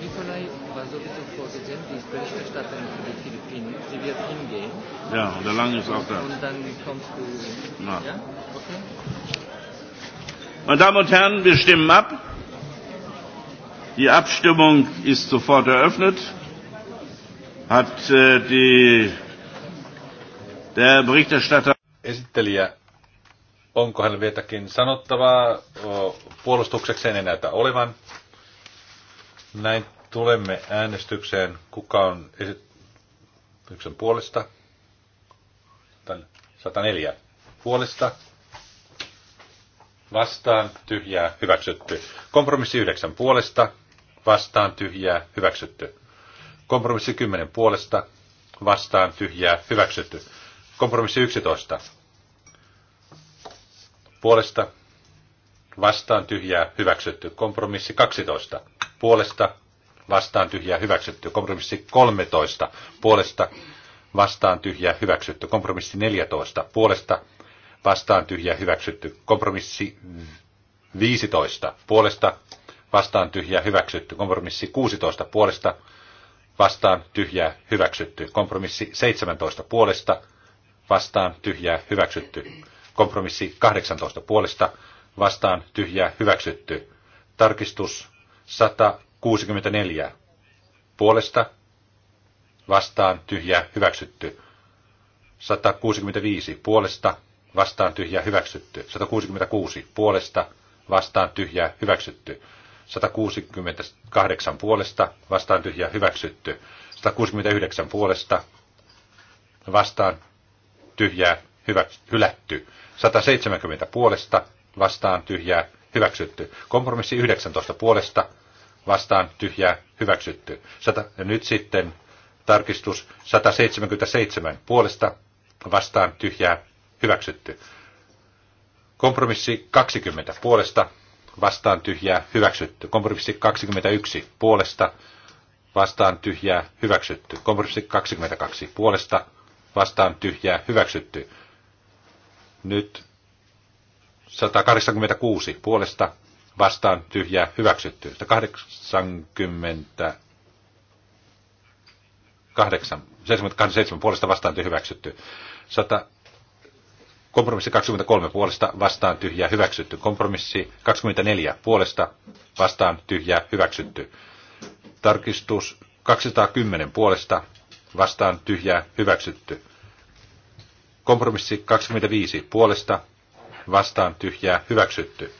Nikolai war sowieso vorgesehen, die ist Berichterstatterin für die Philippinen. Sie wird hingehen. Ja, und der Lange ist auch da. Und dann kommst du. Na. No. Ja? Okay. Meine Damen und Herren, wir stimmen ab. Die Abstimmung ist sofort eröffnet. Hat äh, die, der Berichterstatter. Esittelijä, onko vielä jotakin sanottavaa? Äh, puolustuksekseen ei näytä olevan. Näin tulemme äänestykseen. Kuka on esityksen puolesta? 104. Puolesta. Vastaan tyhjää hyväksytty. Kompromissi 9 puolesta. Vastaan tyhjää hyväksytty. Kompromissi 10 puolesta. Vastaan tyhjää hyväksytty. Kompromissi 11 puolesta. Vastaan tyhjää hyväksytty. Kompromissi 12 puolesta vastaan tyhjää hyväksytty. Kompromissi 13 puolesta vastaan tyhjää hyväksytty. Kompromissi 14 puolesta vastaan tyhjää hyväksytty. Kompromissi 15 puolesta vastaan tyhjää hyväksytty. Kompromissi 16 puolesta vastaan tyhjää hyväksytty. Kompromissi 17 puolesta vastaan tyhjää hyväksytty. Kompromissi 18 puolesta vastaan tyhjää hyväksytty. Tarkistus 164 puolesta vastaan tyhjä hyväksytty. 165 puolesta vastaan tyhjä hyväksytty. 166 puolesta vastaan tyhjä hyväksytty. 168 puolesta vastaan tyhjä hyväksytty. 169 puolesta vastaan tyhjää hyvä, hylätty. 170 puolesta vastaan tyhjää hyväksytty. Kompromissi 19 puolesta vastaan tyhjää hyväksytty. Sata, ja nyt sitten tarkistus 177 puolesta vastaan tyhjää hyväksytty. Kompromissi 20 puolesta vastaan tyhjää hyväksytty. Kompromissi 21 puolesta vastaan tyhjää hyväksytty. Kompromissi 22 puolesta vastaan tyhjää hyväksytty. Nyt 186 puolesta vastaan tyhjää hyväksytty. 80 8, 77 puolesta vastaan tyhjää hyväksytty. 100, kompromissi 23 puolesta vastaan tyhjää hyväksytty. Kompromissi 24 puolesta vastaan tyhjää hyväksytty. Tarkistus 210 puolesta vastaan tyhjää hyväksytty. Kompromissi 25 puolesta vastaan tyhjää hyväksytty.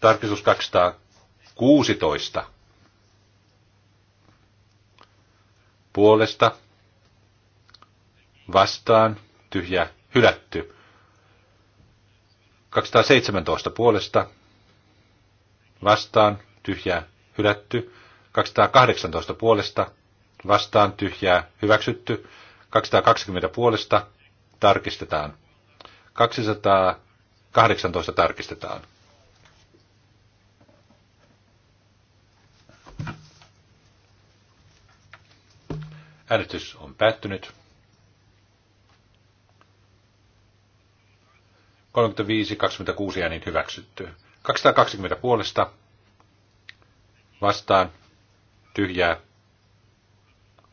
Tarkistus 216 puolesta vastaan tyhjä hylätty. 217 puolesta vastaan tyhjä hylätty. 218 puolesta vastaan tyhjää hyväksytty. 220 puolesta tarkistetaan. 200 18 tarkistetaan. Äänestys on päättynyt. 35-26 äänin hyväksytty. 220 puolesta. Vastaan. Tyhjää.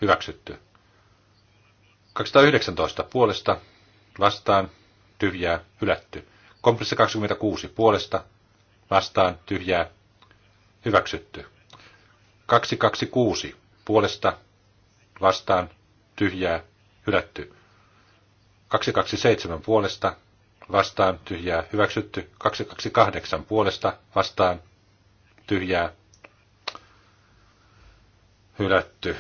Hyväksytty. 219 puolesta. Vastaan. Tyhjää. Hylätty. Kompromissi 26 puolesta vastaan tyhjää hyväksytty. 226 puolesta vastaan tyhjää hylätty. 227 puolesta vastaan tyhjää hyväksytty. 228 puolesta vastaan tyhjää hylätty.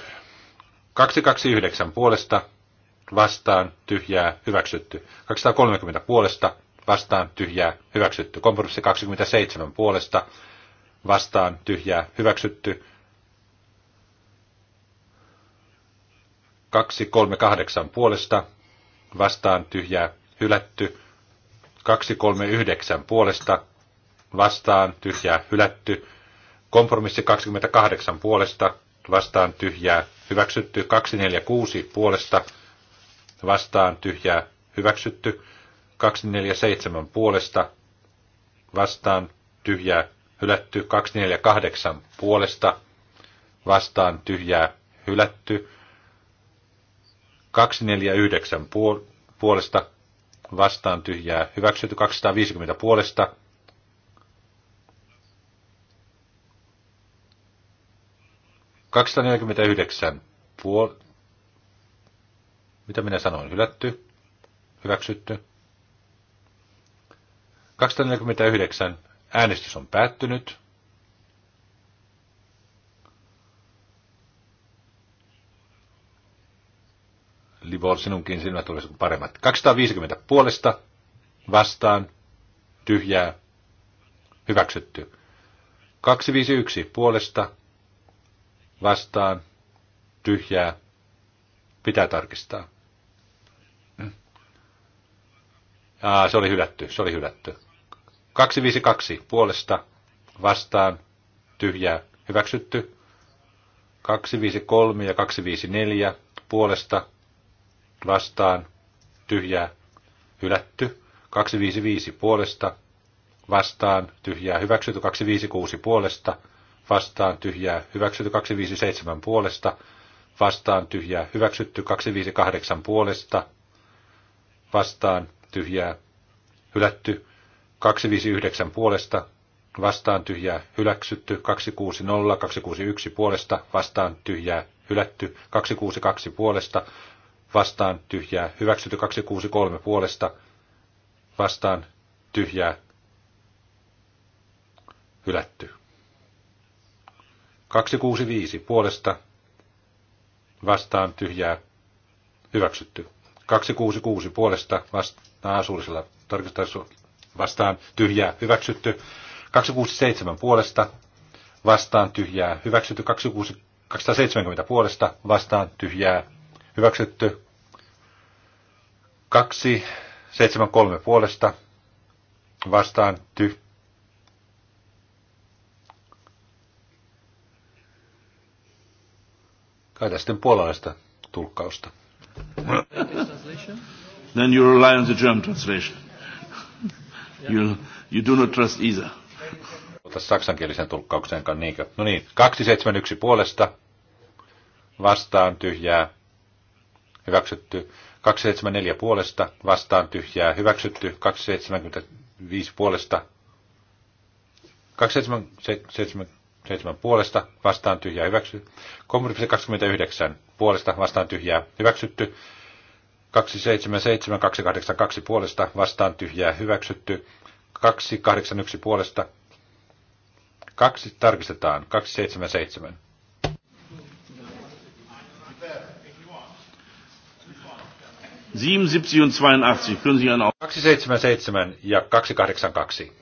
229 puolesta vastaan tyhjää hyväksytty. 230 puolesta vastaan tyhjää hyväksytty. Kompromissi 27 puolesta vastaan tyhjää hyväksytty. 238 puolesta vastaan tyhjää hylätty. 239 puolesta vastaan tyhjää hylätty. Kompromissi 28 puolesta vastaan tyhjää hyväksytty. 246 puolesta vastaan tyhjää hyväksytty. 247 puolesta vastaan tyhjää hylätty. 248 puolesta vastaan tyhjää hylätty. 249 puolesta vastaan tyhjää hyväksytty. 250 puolesta puol... Mitä minä sanoin? Hylätty? Hyväksytty? 249. Äänestys on päättynyt. Livol, sinunkin silmät olisivat paremmat. 250 puolesta, vastaan, tyhjää, hyväksytty. 251 puolesta, vastaan, tyhjää, pitää tarkistaa. Aa, se oli hylätty, se oli hylätty. 252 puolesta vastaan tyhjää hyväksytty. 253 ja 254 puolesta vastaan tyhjää hylätty. 255 puolesta vastaan tyhjää hyväksytty. 256 puolesta vastaan tyhjää hyväksytty. 257 puolesta vastaan tyhjää hyväksytty. 258 puolesta vastaan tyhjää, hylätty. 259 puolesta, vastaan tyhjää, hyläksytty. 260, 261 puolesta, vastaan tyhjää, hylätty. 262 puolesta, vastaan tyhjää, hyväksytty. 263 puolesta, vastaan tyhjää, hylätty. 265 puolesta vastaan tyhjää hyväksytty. 266 puolesta vastaan suullisella tarkistuksella vastaan tyhjää hyväksytty. 267 puolesta vastaan tyhjää hyväksytty. 26, 270 puolesta vastaan tyhjää hyväksytty. 273 puolesta vastaan ty. Kai sitten puolalaista tulkkausta. translation? Then you rely on the German translation. you, you do not trust either. Tässä saksankielisen tulkkaukseenkaan niinkö? No niin, 271 puolesta vastaan tyhjää, hyväksytty. 274 puolesta vastaan tyhjää, hyväksytty. 275 puolesta 277 puolesta vastaan tyhjää hyväksytty. 329 puolesta vastaan tyhjää hyväksytty. 277, 282 puolesta vastaan tyhjää hyväksytty. 281 puolesta. Kaksi tarkistetaan. 277. Sieben, und 82. Können Sie einen 277 ja 282.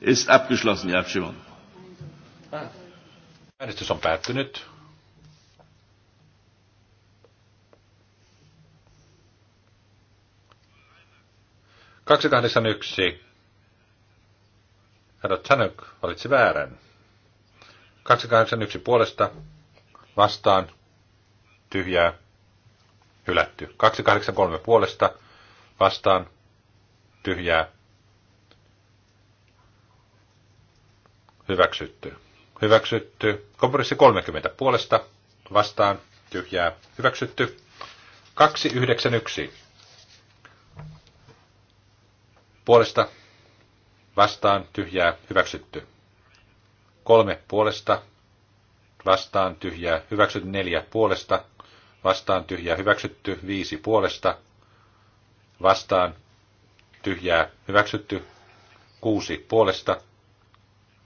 Ist abgeschlossen, die Abstimmung. Äänestys on päättynyt. 281. Herra Chanuk valitsi väärän. 281 puolesta vastaan tyhjää hylätty. 283 puolesta vastaan tyhjää hyväksytty. Hyväksytty. Kompromissi 30 puolesta vastaan tyhjää hyväksytty. 291 Puolesta vastaan tyhjää hyväksytty. Kolme puolesta vastaan tyhjää hyväksytty. Neljä puolesta vastaan tyhjää hyväksytty. Viisi puolesta vastaan tyhjää hyväksytty. Kuusi puolesta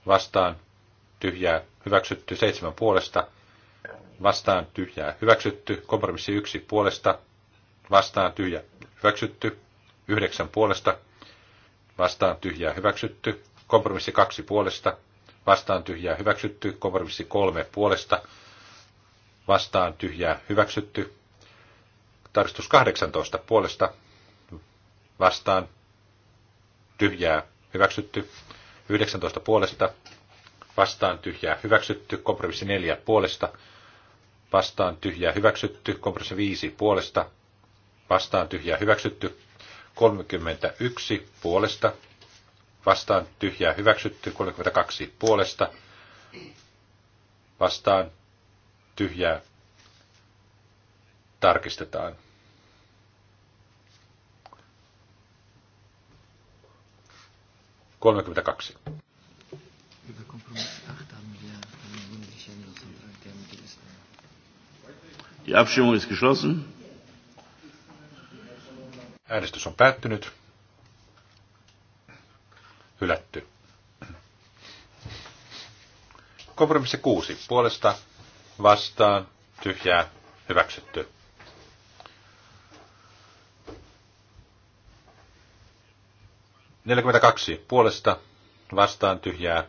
vastaan tyhjää hyväksytty. Seitsemän puolesta vastaan tyhjää hyväksytty. Kompromissi yksi puolesta vastaan tyhjä hyväksytty. Yhdeksän puolesta vastaan tyhjää hyväksytty, kompromissi kaksi puolesta, vastaan tyhjää hyväksytty, kompromissi kolme puolesta, vastaan tyhjää hyväksytty, tarkistus 18 puolesta, vastaan tyhjää hyväksytty, 19 puolesta, vastaan tyhjää hyväksytty, kompromissi neljä puolesta, vastaan tyhjää hyväksytty, kompromissi viisi puolesta, vastaan tyhjää hyväksytty, 31 puolesta, vastaan tyhjää hyväksytty, 32 puolesta, vastaan tyhjää tarkistetaan. Kolmekymmentäkaksi. Die Abstimmung ist geschlossen. Äänestys on päättynyt. Hylätty. Kompromissi 6. Puolesta vastaan tyhjää hyväksytty. Neljäkymmentäkaksi puolesta vastaan tyhjää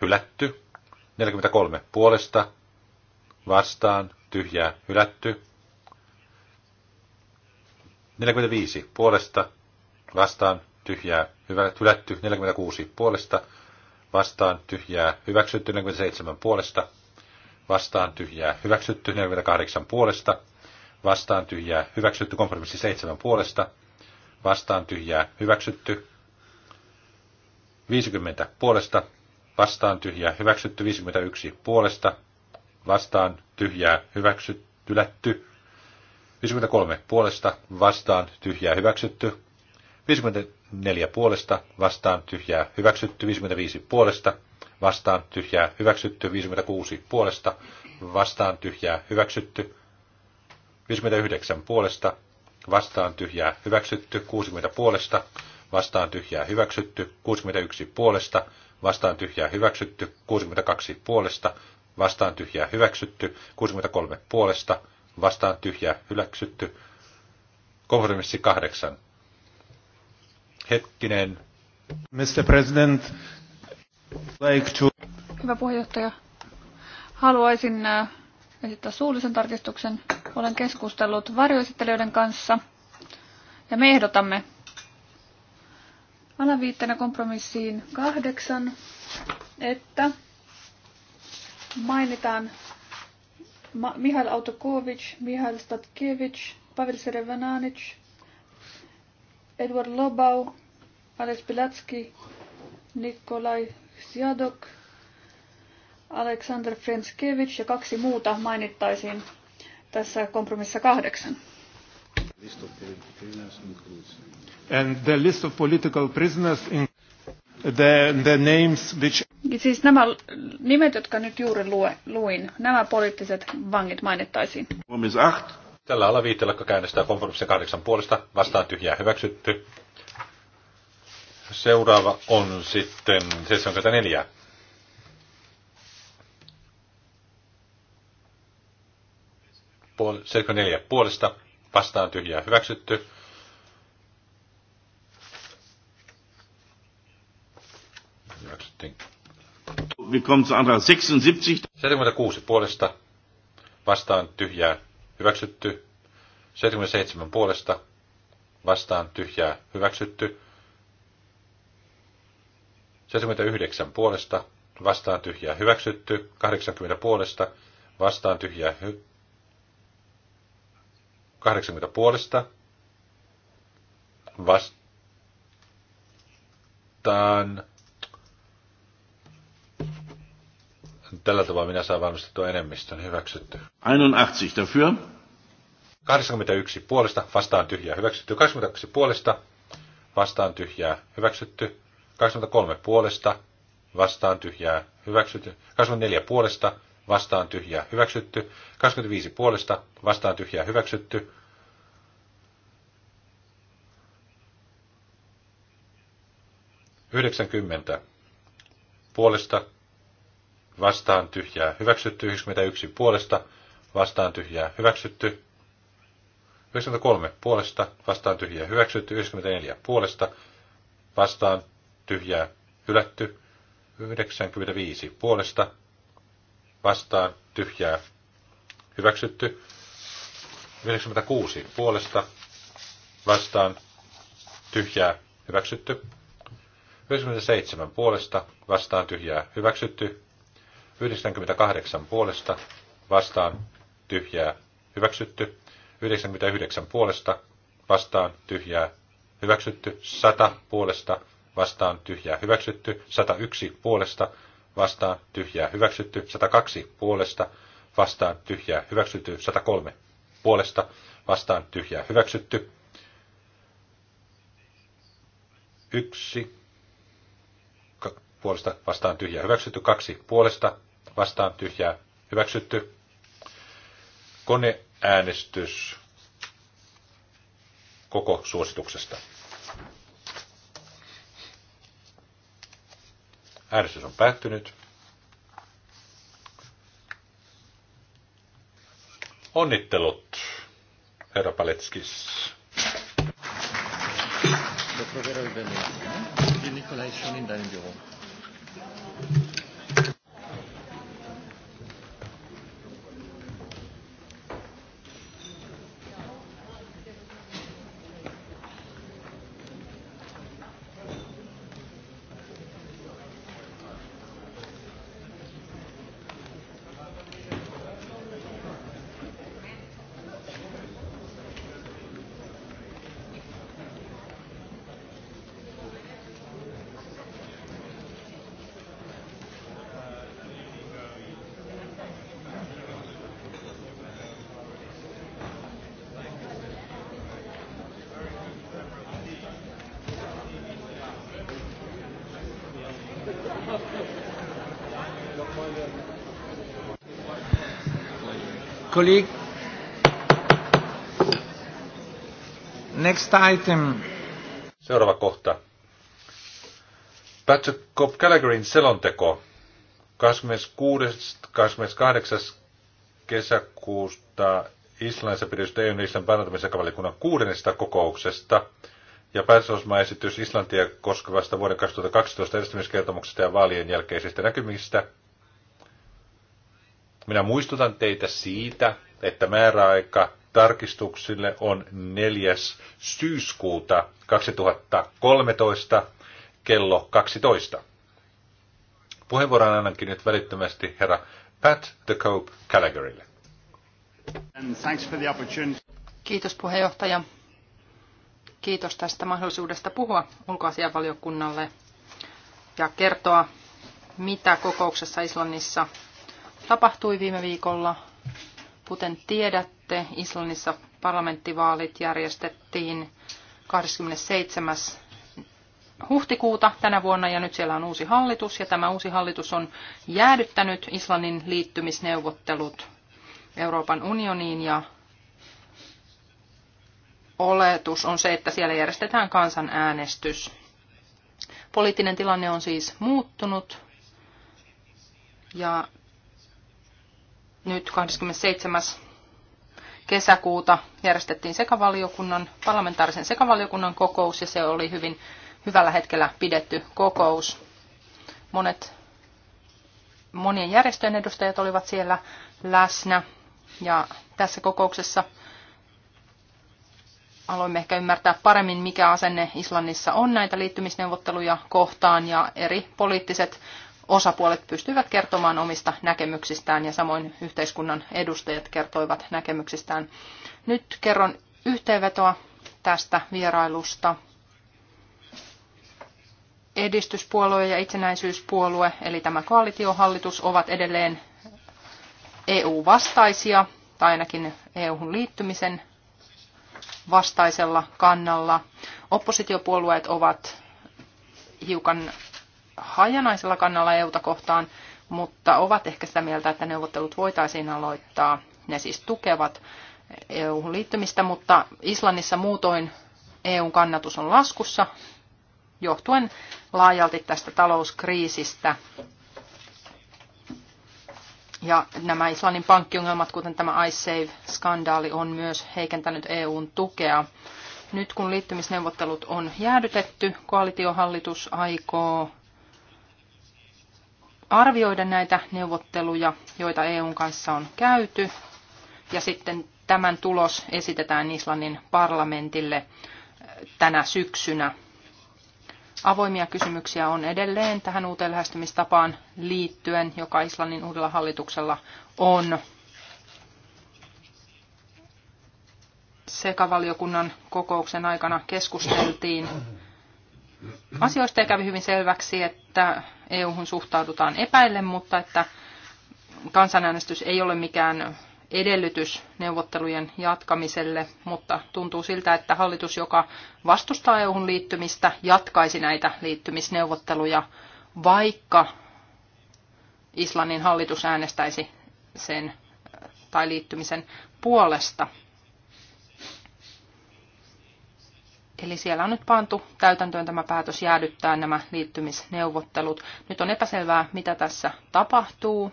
hylätty. kolme puolesta vastaan tyhjää hylätty. 45 puolesta vastaan tyhjää hyvä, hylätty. 46 puolesta vastaan tyhjää hyväksytty. 47 puolesta vastaan tyhjää hyväksytty. 48 puolesta vastaan tyhjää hyväksytty. Kompromissi 7 puolesta vastaan tyhjää hyväksytty. 50 puolesta vastaan tyhjää hyväksytty. 51 puolesta vastaan tyhjää hyväksytty. Hylätty. 53 puolesta vastaan tyhjää hyväksytty. 54 puolesta vastaan tyhjää hyväksytty. 55 puolesta vastaan tyhjää hyväksytty. 56 puolesta vastaan tyhjää hyväksytty. 59 puolesta vastaan tyhjää hyväksytty. 60 puolesta vastaan tyhjää hyväksytty. 61 puolesta vastaan tyhjää hyväksytty. 62 puolesta vastaan tyhjää hyväksytty. 63 puolesta vastaan tyhjä, hyväksytty. Kompromissi kahdeksan. Hetkinen. Mr. President, like to... Hyvä puheenjohtaja. Haluaisin äh, esittää suullisen tarkistuksen. Olen keskustellut varjoesittelijöiden kanssa ja me ehdotamme alaviitteenä kompromissiin kahdeksan, että mainitaan Ma- Mihail Autokovic, Mihail Statkevich, Pavel Serevananic, Edward Lobau, Alex Pilatski, Nikolai Siadok, Aleksandr Frenskevich ja kaksi muuta mainittaisiin tässä kompromissa kahdeksan. And the list of political prisoners in the, the names which Siis nämä nimet, jotka nyt juuri luin, nämä poliittiset vangit mainittaisiin. Tällä alaviitteellä, joka käynnistää kompromissin kahdeksan puolesta, vastaan tyhjää hyväksytty. Seuraava on sitten 74. Puol- 74 puolesta, vastaan tyhjää hyväksytty. Hyväksyttiin Wir kommen zu Antrag 76. 76 puolesta vastaan tyhjää hyväksytty. 77 puolesta vastaan tyhjää hyväksytty. 79 puolesta vastaan tyhjää hyväksytty. 80 puolesta vastaan tyhjää hy- 80 puolesta vastaan Tällä tavalla minä saan valmistettua enemmistön hyväksytty. 81 dafür. 81 puolesta vastaan tyhjää hyväksytty. 82 puolesta vastaan tyhjää hyväksytty. 23 puolesta vastaan tyhjää hyväksytty. 24 puolesta vastaan tyhjää hyväksytty. 25 puolesta vastaan tyhjää hyväksytty. Yhdeksänkymmentä puolesta vastaan tyhjää hyväksytty, 91 puolesta vastaan tyhjää hyväksytty, 93 puolesta vastaan tyhjää hyväksytty, 94 puolesta vastaan tyhjää hylätty, 95 puolesta vastaan tyhjää hyväksytty, 96 puolesta vastaan tyhjää hyväksytty, 97 puolesta vastaan tyhjää hyväksytty, 98 puolesta vastaan tyhjää hyväksytty. 99 puolesta vastaan tyhjää hyväksytty. 100 puolesta vastaan tyhjää hyväksytty. 101 puolesta vastaan tyhjää hyväksytty. 102 puolesta vastaan tyhjää hyväksytty. 103 puolesta vastaan tyhjää hyväksytty. Yksi puolesta vastaan tyhjää hyväksytty, kaksi puolesta vastaan tyhjää hyväksytty. Koneäänestys koko suosituksesta. Äänestys on päättynyt. Onnittelut, herra Paletskis. Lo troverò il venerdì, eh? Il Nicolai colleague. Next item. Seuraava kohta. Patrick Cobb Gallagherin selonteko 26. kesäkuusta Islannissa pidetystä EUn Islannin parantamisakavallikunnan kuudennesta kokouksesta ja päätösosmaesitys Islantia koskevasta vuoden 2012 edistämiskertomuksesta ja vaalien jälkeisistä näkymistä – minä muistutan teitä siitä, että määräaika tarkistuksille on 4. syyskuuta 2013 kello 12. Puheenvuoron annankin nyt välittömästi herra Pat the Cope Calgarylle. Kiitos puheenjohtaja. Kiitos tästä mahdollisuudesta puhua ulkoasianvaliokunnalle ja kertoa, mitä kokouksessa Islannissa tapahtui viime viikolla. Kuten tiedätte, Islannissa parlamenttivaalit järjestettiin 27. huhtikuuta tänä vuonna ja nyt siellä on uusi hallitus ja tämä uusi hallitus on jäädyttänyt Islannin liittymisneuvottelut Euroopan unioniin ja oletus on se, että siellä järjestetään kansanäänestys. Poliittinen tilanne on siis muuttunut ja nyt 27. kesäkuuta järjestettiin sekavaliokunnan, parlamentaarisen sekavaliokunnan kokous ja se oli hyvin hyvällä hetkellä pidetty kokous. Monet, monien järjestöjen edustajat olivat siellä läsnä ja tässä kokouksessa aloimme ehkä ymmärtää paremmin, mikä asenne Islannissa on näitä liittymisneuvotteluja kohtaan ja eri poliittiset osapuolet pystyivät kertomaan omista näkemyksistään ja samoin yhteiskunnan edustajat kertoivat näkemyksistään. Nyt kerron yhteenvetoa tästä vierailusta. Edistyspuolue ja itsenäisyyspuolue, eli tämä koalitiohallitus, ovat edelleen EU-vastaisia, tai ainakin EU-hun liittymisen vastaisella kannalla. Oppositiopuolueet ovat hiukan hajanaisella kannalla EUta kohtaan, mutta ovat ehkä sitä mieltä, että neuvottelut voitaisiin aloittaa. Ne siis tukevat EU:hun liittymistä, mutta Islannissa muutoin EUn kannatus on laskussa johtuen laajalti tästä talouskriisistä. Ja nämä Islannin pankkiongelmat, kuten tämä iSave-skandaali, on myös heikentänyt EUn tukea. Nyt kun liittymisneuvottelut on jäädytetty, koalitiohallitus aikoo arvioida näitä neuvotteluja, joita EUn kanssa on käyty, ja sitten tämän tulos esitetään Islannin parlamentille äh, tänä syksynä. Avoimia kysymyksiä on edelleen tähän uuteen lähestymistapaan liittyen, joka Islannin uudella hallituksella on. Sekavaliokunnan kokouksen aikana keskusteltiin asioista ja kävi hyvin selväksi, että EU-hun suhtaudutaan epäillen, mutta että kansanäänestys ei ole mikään edellytys neuvottelujen jatkamiselle, mutta tuntuu siltä, että hallitus, joka vastustaa EU-hun liittymistä, jatkaisi näitä liittymisneuvotteluja, vaikka Islannin hallitus äänestäisi sen tai liittymisen puolesta. Eli siellä on nyt pantu täytäntöön tämä päätös jäädyttää nämä liittymisneuvottelut. Nyt on epäselvää, mitä tässä tapahtuu.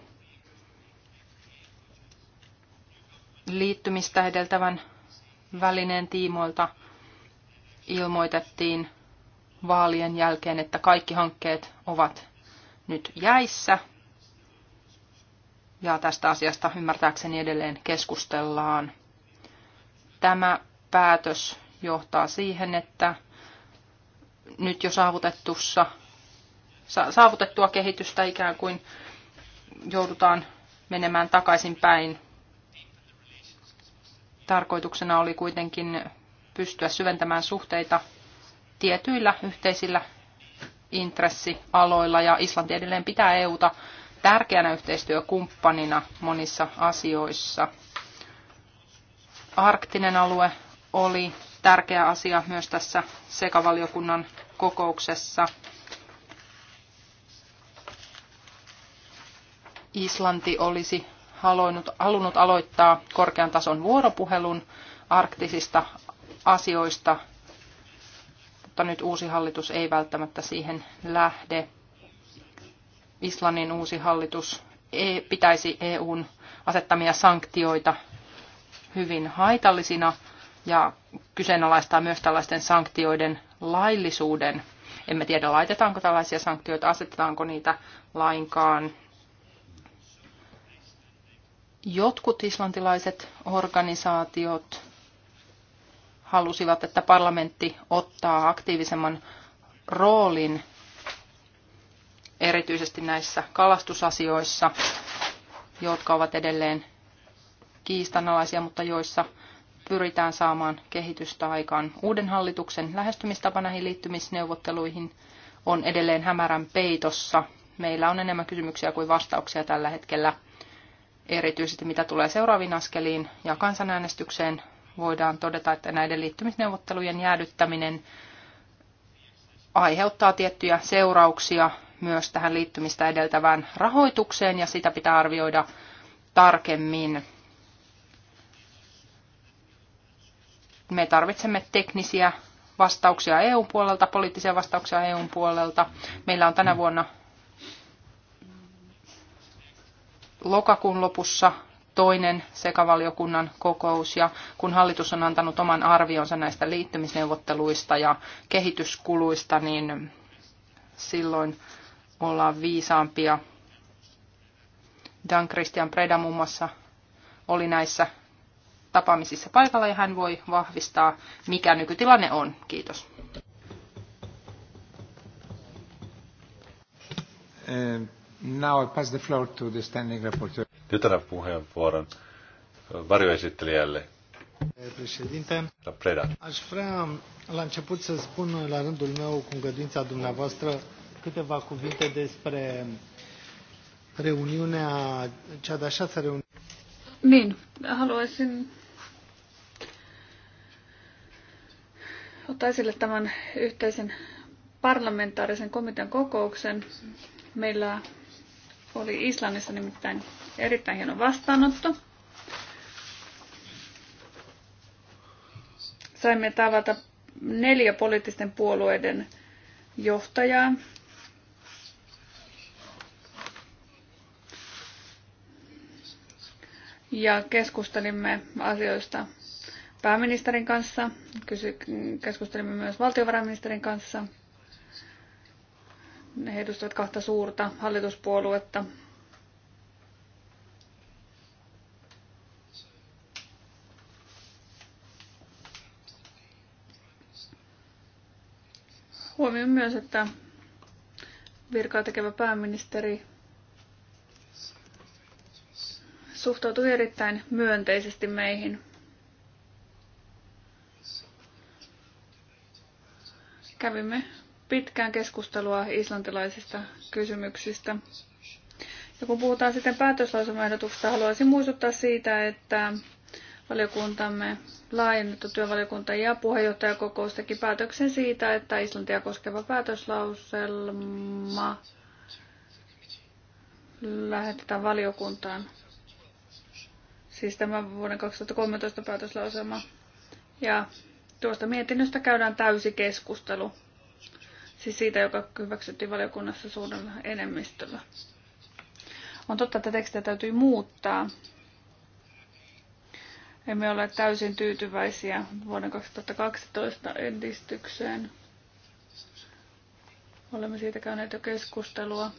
Liittymistä edeltävän välineen tiimoilta ilmoitettiin vaalien jälkeen, että kaikki hankkeet ovat nyt jäissä. Ja tästä asiasta ymmärtääkseni edelleen keskustellaan. Tämä päätös johtaa siihen, että nyt jo saavutettussa, saavutettua kehitystä ikään kuin joudutaan menemään takaisinpäin. Tarkoituksena oli kuitenkin pystyä syventämään suhteita tietyillä yhteisillä intressialoilla ja Islanti edelleen pitää EUta tärkeänä yhteistyökumppanina monissa asioissa. Arktinen alue oli tärkeä asia myös tässä sekavaliokunnan kokouksessa. Islanti olisi halunnut, halunnut aloittaa korkean tason vuoropuhelun arktisista asioista, mutta nyt uusi hallitus ei välttämättä siihen lähde. Islannin uusi hallitus pitäisi EUn asettamia sanktioita hyvin haitallisina ja kyseenalaistaa myös tällaisten sanktioiden laillisuuden. Emme tiedä, laitetaanko tällaisia sanktioita, asetetaanko niitä lainkaan. Jotkut islantilaiset organisaatiot halusivat, että parlamentti ottaa aktiivisemman roolin erityisesti näissä kalastusasioissa, jotka ovat edelleen kiistanalaisia, mutta joissa pyritään saamaan kehitystä aikaan. Uuden hallituksen lähestymistapa näihin liittymisneuvotteluihin on edelleen hämärän peitossa. Meillä on enemmän kysymyksiä kuin vastauksia tällä hetkellä. Erityisesti mitä tulee seuraaviin askeliin ja kansanäänestykseen, voidaan todeta, että näiden liittymisneuvottelujen jäädyttäminen aiheuttaa tiettyjä seurauksia myös tähän liittymistä edeltävään rahoitukseen ja sitä pitää arvioida tarkemmin. me tarvitsemme teknisiä vastauksia EUn puolelta, poliittisia vastauksia EUn puolelta. Meillä on tänä vuonna lokakuun lopussa toinen sekavaliokunnan kokous ja kun hallitus on antanut oman arvionsa näistä liittymisneuvotteluista ja kehityskuluista, niin silloin ollaan viisaampia. Dan Christian Preda muun muassa oli näissä tapaamisissa paikalla ja hän voi vahvistaa, mikä nykytilanne on. Kiitos. Eh, now I pass the floor to the standing rapporteur. Nyt annan puheenvuoron varjoesittelijälle. Preda. aș vrea la început să spun la rândul meu, cu îngăduința dumneavoastră, câteva cuvinte despre reuniunea, cea de-a șasea reuniune. Niin, haluaisin ottaa esille tämän yhteisen parlamentaarisen komitean kokouksen. Meillä oli Islannissa nimittäin erittäin hieno vastaanotto. Saimme tavata neljä poliittisten puolueiden johtajaa. Ja keskustelimme asioista, pääministerin kanssa, kysy, keskustelimme myös valtiovarainministerin kanssa. Ne edustavat kahta suurta hallituspuoluetta. Huomioon myös, että virkaa tekevä pääministeri suhtautui erittäin myönteisesti meihin. kävimme pitkään keskustelua islantilaisista kysymyksistä. Ja kun puhutaan sitten päätöslausumaehdotuksesta, haluaisin muistuttaa siitä, että valiokuntamme laajennettu työvaliokunta ja puheenjohtajakokous teki päätöksen siitä, että Islantia koskeva päätöslauselma lähetetään valiokuntaan. Siis tämä vuoden 2013 päätöslauselma. Ja Tuosta mietinnöstä käydään täysi keskustelu. Siis siitä, joka hyväksyttiin valiokunnassa suurella enemmistöllä. On totta, että tekstiä täytyy muuttaa. Emme ole täysin tyytyväisiä vuoden 2012 edistykseen. Olemme siitä käyneet jo keskustelua.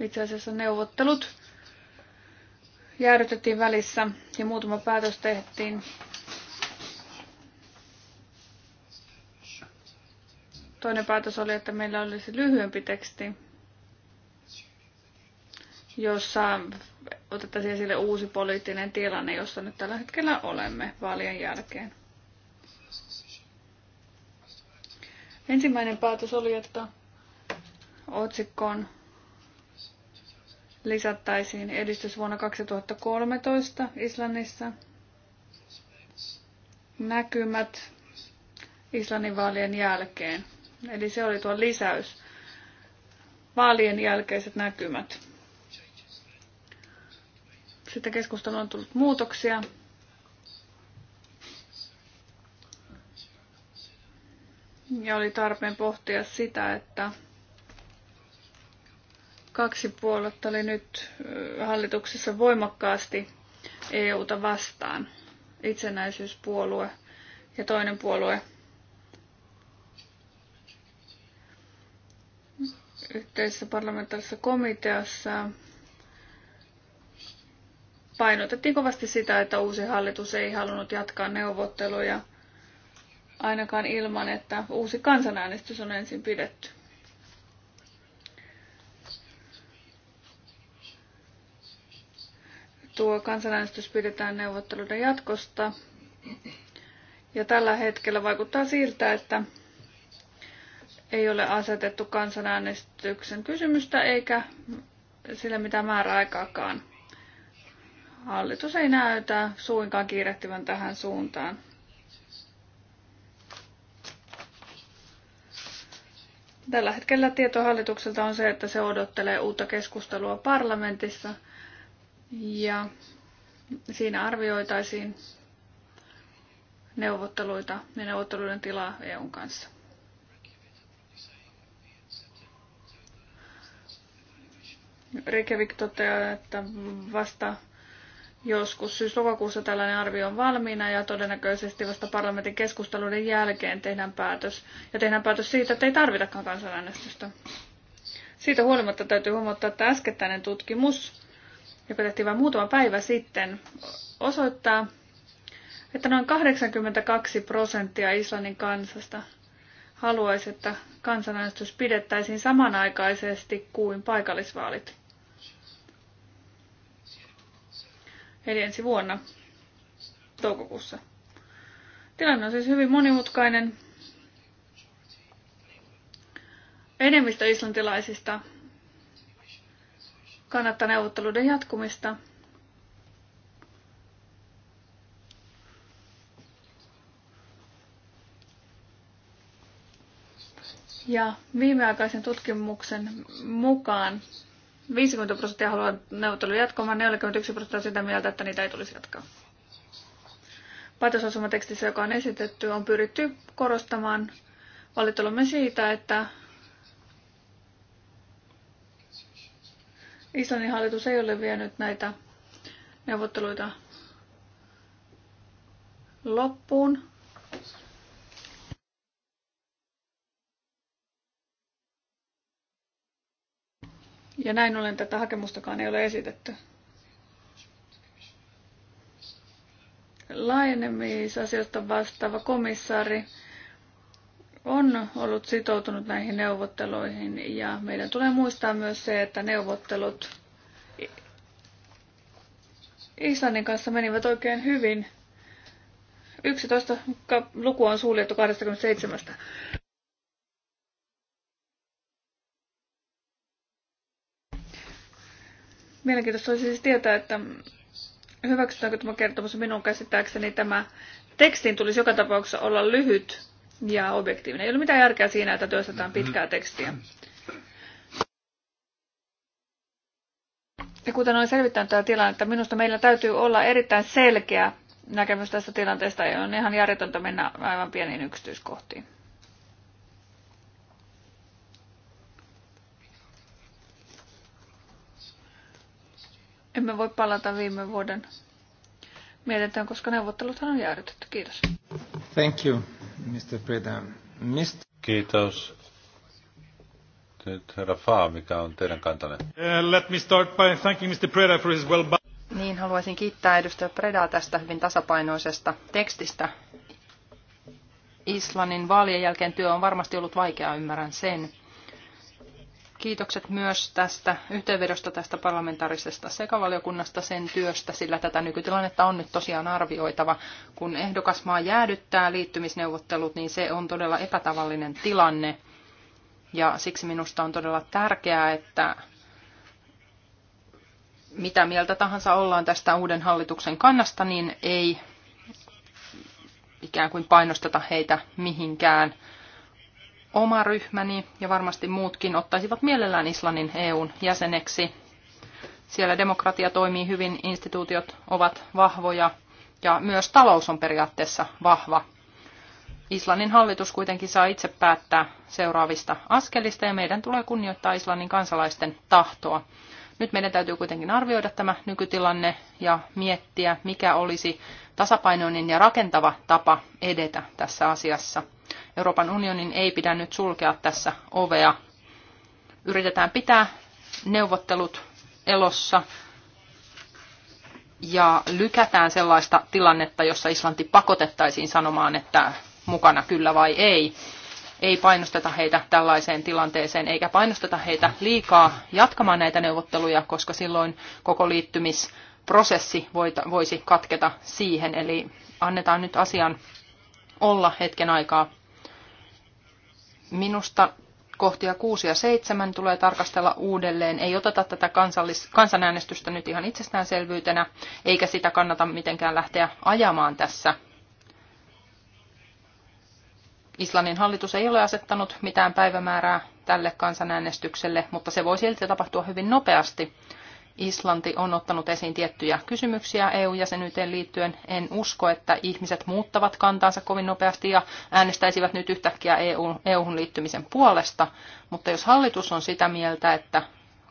Itse asiassa neuvottelut jäädytettiin välissä ja muutama päätös tehtiin Toinen päätös oli, että meillä olisi lyhyempi teksti, jossa otettaisiin esille uusi poliittinen tilanne, jossa nyt tällä hetkellä olemme vaalien jälkeen. Ensimmäinen päätös oli, että otsikkoon lisättäisiin edistys vuonna 2013 Islannissa. Näkymät Islannin vaalien jälkeen. Eli se oli tuo lisäys. Vaalien jälkeiset näkymät. Sitten keskusteluun on tullut muutoksia. Ja oli tarpeen pohtia sitä, että kaksi puoluetta oli nyt hallituksessa voimakkaasti EUta vastaan. Itsenäisyyspuolue ja toinen puolue yhteisessä parlamentaarisessa komiteassa painotettiin kovasti sitä, että uusi hallitus ei halunnut jatkaa neuvotteluja ainakaan ilman, että uusi kansanäänestys on ensin pidetty. Tuo kansanäänestys pidetään neuvotteluiden jatkosta. Ja tällä hetkellä vaikuttaa siltä, että ei ole asetettu kansanäänestyksen kysymystä eikä sillä mitään määräaikaakaan. Hallitus ei näytä suinkaan kiirehtivän tähän suuntaan. Tällä hetkellä tieto hallitukselta on se, että se odottelee uutta keskustelua parlamentissa ja siinä arvioitaisiin neuvotteluita ja neuvotteluiden tilaa EUn kanssa. Reykjavik toteaa, että vasta joskus syys-lokakuussa tällainen arvio on valmiina ja todennäköisesti vasta parlamentin keskusteluiden jälkeen tehdään päätös. Ja tehdään päätös siitä, että ei tarvitakaan kansanäänestystä. Siitä huolimatta täytyy huomauttaa, että äskettäinen tutkimus, joka tehtiin vain muutama päivä sitten, osoittaa, että noin 82 prosenttia Islannin kansasta haluaisi, että kansanäänestys pidettäisiin samanaikaisesti kuin paikallisvaalit. eli ensi vuonna toukokuussa. Tilanne on siis hyvin monimutkainen. Enemmistö islantilaisista kannattaa neuvotteluiden jatkumista. Ja viimeaikaisen tutkimuksen mukaan 50 prosenttia haluaa neuvotteluja jatkumaan, 41 prosenttia sitä mieltä, että niitä ei tulisi jatkaa. Päätösasumatekstissä, joka on esitetty, on pyritty korostamaan valittelumme siitä, että Islannin hallitus ei ole vienyt näitä neuvotteluita loppuun. Ja näin ollen tätä hakemustakaan ei ole esitetty. Laajenemisasioista vastaava komissaari on ollut sitoutunut näihin neuvotteluihin ja meidän tulee muistaa myös se, että neuvottelut Islannin kanssa menivät oikein hyvin. 11 lukua on suljettu 27. Mielenkiintoista olisi siis tietää, että hyväksytäänkö tämä kertomus minun käsittääkseni tämä tekstin tulisi joka tapauksessa olla lyhyt ja objektiivinen. Ei ole mitään järkeä siinä, että työstetään mm-hmm. pitkää tekstiä. Ja kuten olen selvittänyt tätä tilannetta, minusta meillä täytyy olla erittäin selkeä näkemys tästä tilanteesta ja on ihan järjetöntä mennä aivan pieniin yksityiskohtiin. Emme voi palata viime vuoden mietintään, koska neuvotteluthan on jäädytetty. Kiitos. Thank you, Mr. Preda. Mr. Kiitos. Nyt herra Faa, mikä on teidän kantanne? Uh, let me start by thanking Mr. Preda for his well niin, haluaisin kiittää edustaja Predaa tästä hyvin tasapainoisesta tekstistä. Islannin vaalien jälkeen työ on varmasti ollut vaikeaa, ymmärrän sen kiitokset myös tästä yhteenvedosta tästä parlamentaarisesta sekavaliokunnasta sen työstä, sillä tätä nykytilannetta on nyt tosiaan arvioitava. Kun ehdokasmaa jäädyttää liittymisneuvottelut, niin se on todella epätavallinen tilanne. Ja siksi minusta on todella tärkeää, että mitä mieltä tahansa ollaan tästä uuden hallituksen kannasta, niin ei ikään kuin painosteta heitä mihinkään – oma ryhmäni ja varmasti muutkin ottaisivat mielellään Islannin EUn jäseneksi. Siellä demokratia toimii hyvin, instituutiot ovat vahvoja ja myös talous on periaatteessa vahva. Islannin hallitus kuitenkin saa itse päättää seuraavista askelista ja meidän tulee kunnioittaa Islannin kansalaisten tahtoa. Nyt meidän täytyy kuitenkin arvioida tämä nykytilanne ja miettiä, mikä olisi tasapainoinen ja rakentava tapa edetä tässä asiassa. Euroopan unionin ei pidä nyt sulkea tässä ovea. Yritetään pitää neuvottelut elossa ja lykätään sellaista tilannetta, jossa Islanti pakotettaisiin sanomaan, että mukana kyllä vai ei ei painosteta heitä tällaiseen tilanteeseen, eikä painosteta heitä liikaa jatkamaan näitä neuvotteluja, koska silloin koko liittymisprosessi voisi katketa siihen. Eli annetaan nyt asian olla hetken aikaa. Minusta kohtia 6 ja 7 tulee tarkastella uudelleen. Ei oteta tätä kansallis- kansanäänestystä nyt ihan itsestäänselvyytenä, eikä sitä kannata mitenkään lähteä ajamaan tässä – Islannin hallitus ei ole asettanut mitään päivämäärää tälle kansanäänestykselle, mutta se voi silti tapahtua hyvin nopeasti. Islanti on ottanut esiin tiettyjä kysymyksiä EU-jäsenyyteen liittyen. En usko, että ihmiset muuttavat kantaansa kovin nopeasti ja äänestäisivät nyt yhtäkkiä EU-hun e liittymisen puolesta. Mutta jos hallitus on sitä mieltä, että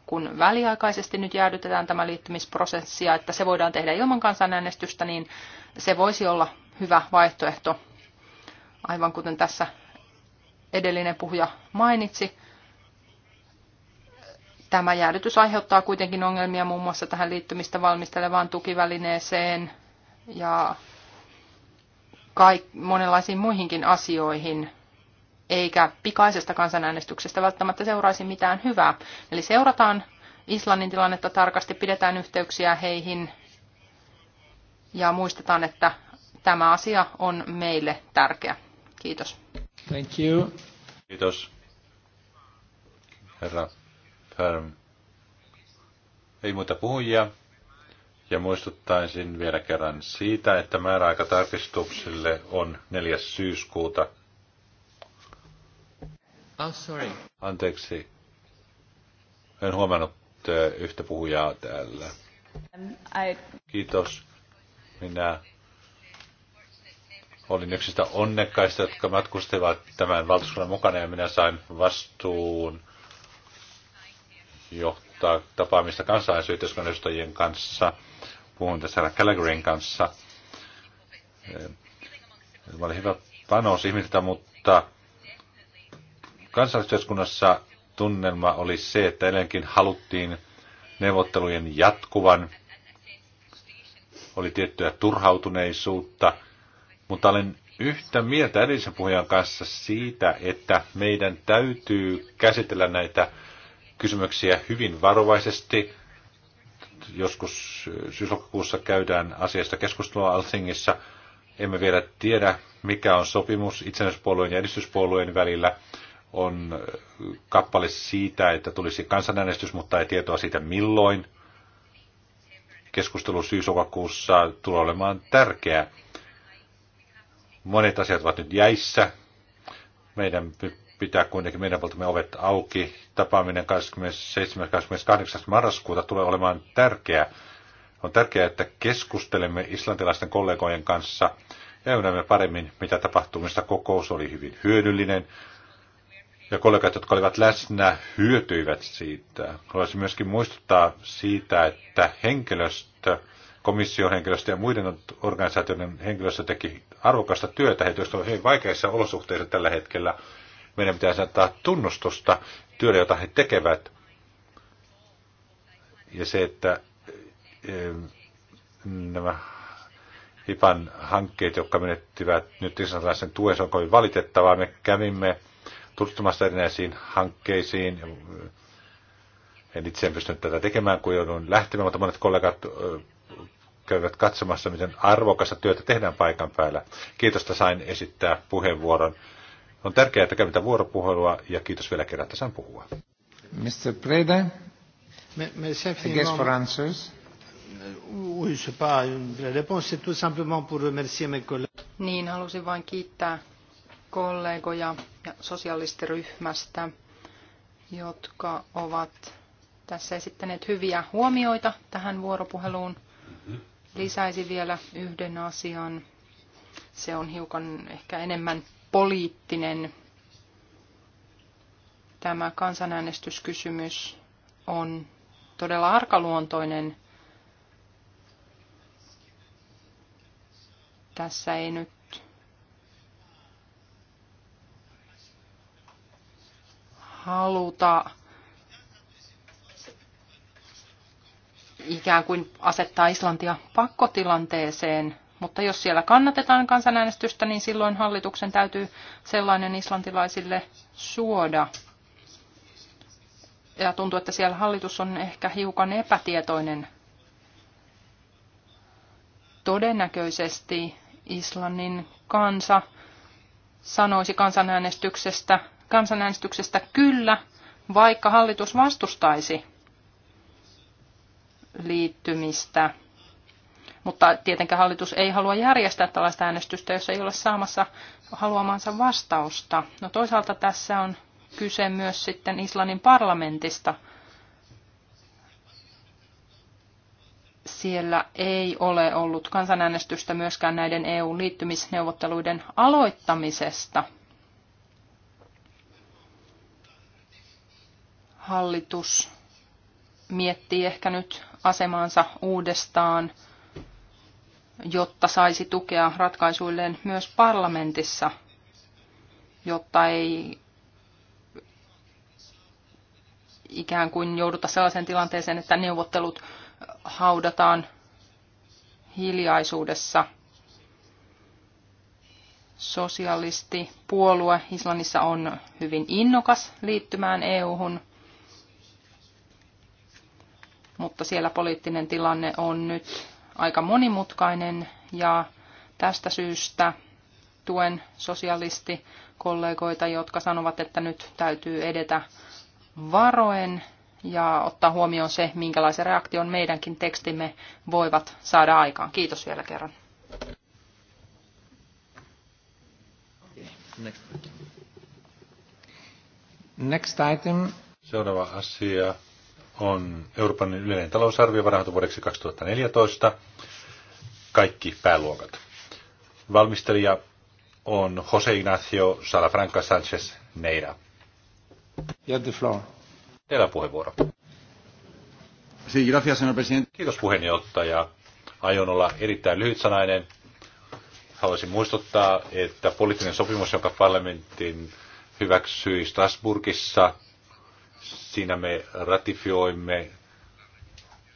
kun väliaikaisesti nyt jäädytetään tämä liittymisprosessi ja että se voidaan tehdä ilman kansanäänestystä, niin se voisi olla hyvä vaihtoehto aivan kuten tässä edellinen puhuja mainitsi. Tämä jäädytys aiheuttaa kuitenkin ongelmia muun muassa tähän liittymistä valmistelevaan tukivälineeseen ja kaik- monenlaisiin muihinkin asioihin, eikä pikaisesta kansanäänestyksestä välttämättä seuraisi mitään hyvää. Eli seurataan Islannin tilannetta tarkasti, pidetään yhteyksiä heihin ja muistetaan, että tämä asia on meille tärkeä. Kiitos. Thank you. Kiitos. Herra Pärm. Ei muita puhujia. Ja muistuttaisin vielä kerran siitä, että määräaika tarkistuksille on 4. syyskuuta. Oh, sorry. Anteeksi. En huomannut eh, yhtä puhujaa täällä. Um, Kiitos. Minä Olin yksi sitä onnekkaista, jotka matkustivat tämän valtuuskunnan mukana ja minä sain vastuun johtaa tapaamista kansalaisyhteiskunnan kanssa. Puhun tässä herra kanssa. Tämä oli hyvä panos ihmisiltä, mutta kansalaisyhteiskunnassa tunnelma oli se, että edelleenkin haluttiin neuvottelujen jatkuvan. Oli tiettyä turhautuneisuutta mutta olen yhtä mieltä edellisen puhujan kanssa siitä, että meidän täytyy käsitellä näitä kysymyksiä hyvin varovaisesti. Joskus syyslokakuussa käydään asiasta keskustelua Alsingissa. Emme vielä tiedä, mikä on sopimus itsenäispuolueen ja edistyspuolueen välillä. On kappale siitä, että tulisi kansanäänestys, mutta ei tietoa siitä milloin. Keskustelu syyslokakuussa tulee olemaan tärkeää Monet asiat ovat nyt jäissä. Meidän pitää kuitenkin meidän puoltamme ovet auki. Tapaaminen 27. 28. marraskuuta tulee olemaan tärkeä. On tärkeää, että keskustelemme islantilaisten kollegojen kanssa ja ymmärrämme paremmin, mitä tapahtumista kokous oli hyvin hyödyllinen. Ja kollegat, jotka olivat läsnä, hyötyivät siitä. Haluaisin myöskin muistuttaa siitä, että henkilöstö, komission henkilöstö ja muiden organisaatioiden henkilöstö teki arvokasta työtä. He työskentelevät hyvin vaikeissa olosuhteissa tällä hetkellä. Meidän pitäisi antaa tunnustusta työlle, jota he tekevät. Ja se, että nämä HIPAN hankkeet, jotka menettivät nyt israelilaisen tuen, se on kovin valitettavaa. Me kävimme tutustumassa erinäisiin hankkeisiin. En itse en pystynyt tätä tekemään, kun joudun lähtemään, mutta monet kollegat käyvät katsomassa, miten arvokasta työtä tehdään paikan päällä. Kiitos, että sain esittää puheenvuoron. On tärkeää, että käymme vuoropuhelua ja kiitos vielä kerran, että sain puhua. Mr. Preda, I guess for answers. Oui, je sais pas, la réponse c'est tout simplement pour remercier mes collègues. Niin, halusin vain kiittää kollegoja ja sosiaalistiryhmästä, jotka ovat tässä esittäneet hyviä huomioita tähän vuoropuheluun. Lisäisin vielä yhden asian. Se on hiukan ehkä enemmän poliittinen. Tämä kansanäänestyskysymys on todella arkaluontoinen. Tässä ei nyt haluta ikään kuin asettaa Islantia pakkotilanteeseen, mutta jos siellä kannatetaan kansanäänestystä, niin silloin hallituksen täytyy sellainen islantilaisille suoda. Ja tuntuu, että siellä hallitus on ehkä hiukan epätietoinen. Todennäköisesti Islannin kansa sanoisi kansanäänestyksestä, kansanäänestyksestä kyllä, vaikka hallitus vastustaisi liittymistä. Mutta tietenkään hallitus ei halua järjestää tällaista äänestystä, jos ei ole saamassa haluamansa vastausta. No toisaalta tässä on kyse myös sitten Islannin parlamentista. Siellä ei ole ollut kansanäänestystä myöskään näiden EU-liittymisneuvotteluiden aloittamisesta. Hallitus miettii ehkä nyt asemaansa uudestaan, jotta saisi tukea ratkaisuilleen myös parlamentissa, jotta ei ikään kuin jouduta sellaiseen tilanteeseen, että neuvottelut haudataan hiljaisuudessa. Sosialistipuolue Islannissa on hyvin innokas liittymään EU-hun mutta siellä poliittinen tilanne on nyt aika monimutkainen ja tästä syystä tuen sosialistikollegoita, jotka sanovat, että nyt täytyy edetä varoen ja ottaa huomioon se, minkälaisen reaktion meidänkin tekstimme voivat saada aikaan. Kiitos vielä kerran. Next. Next item. Seuraava asia on Euroopan yleinen talousarvio varahoitu vuodeksi 2014, kaikki pääluokat. Valmistelija on Jose Ignacio Salafranca Sanchez Neira. Teillä on puheenvuoro. Sí, gracias, señor presidente. Kiitos puheenjohtaja. Aion olla erittäin lyhytsanainen. Haluaisin muistuttaa, että poliittinen sopimus, jonka parlamentin hyväksyi Strasburgissa Siinä me ratifioimme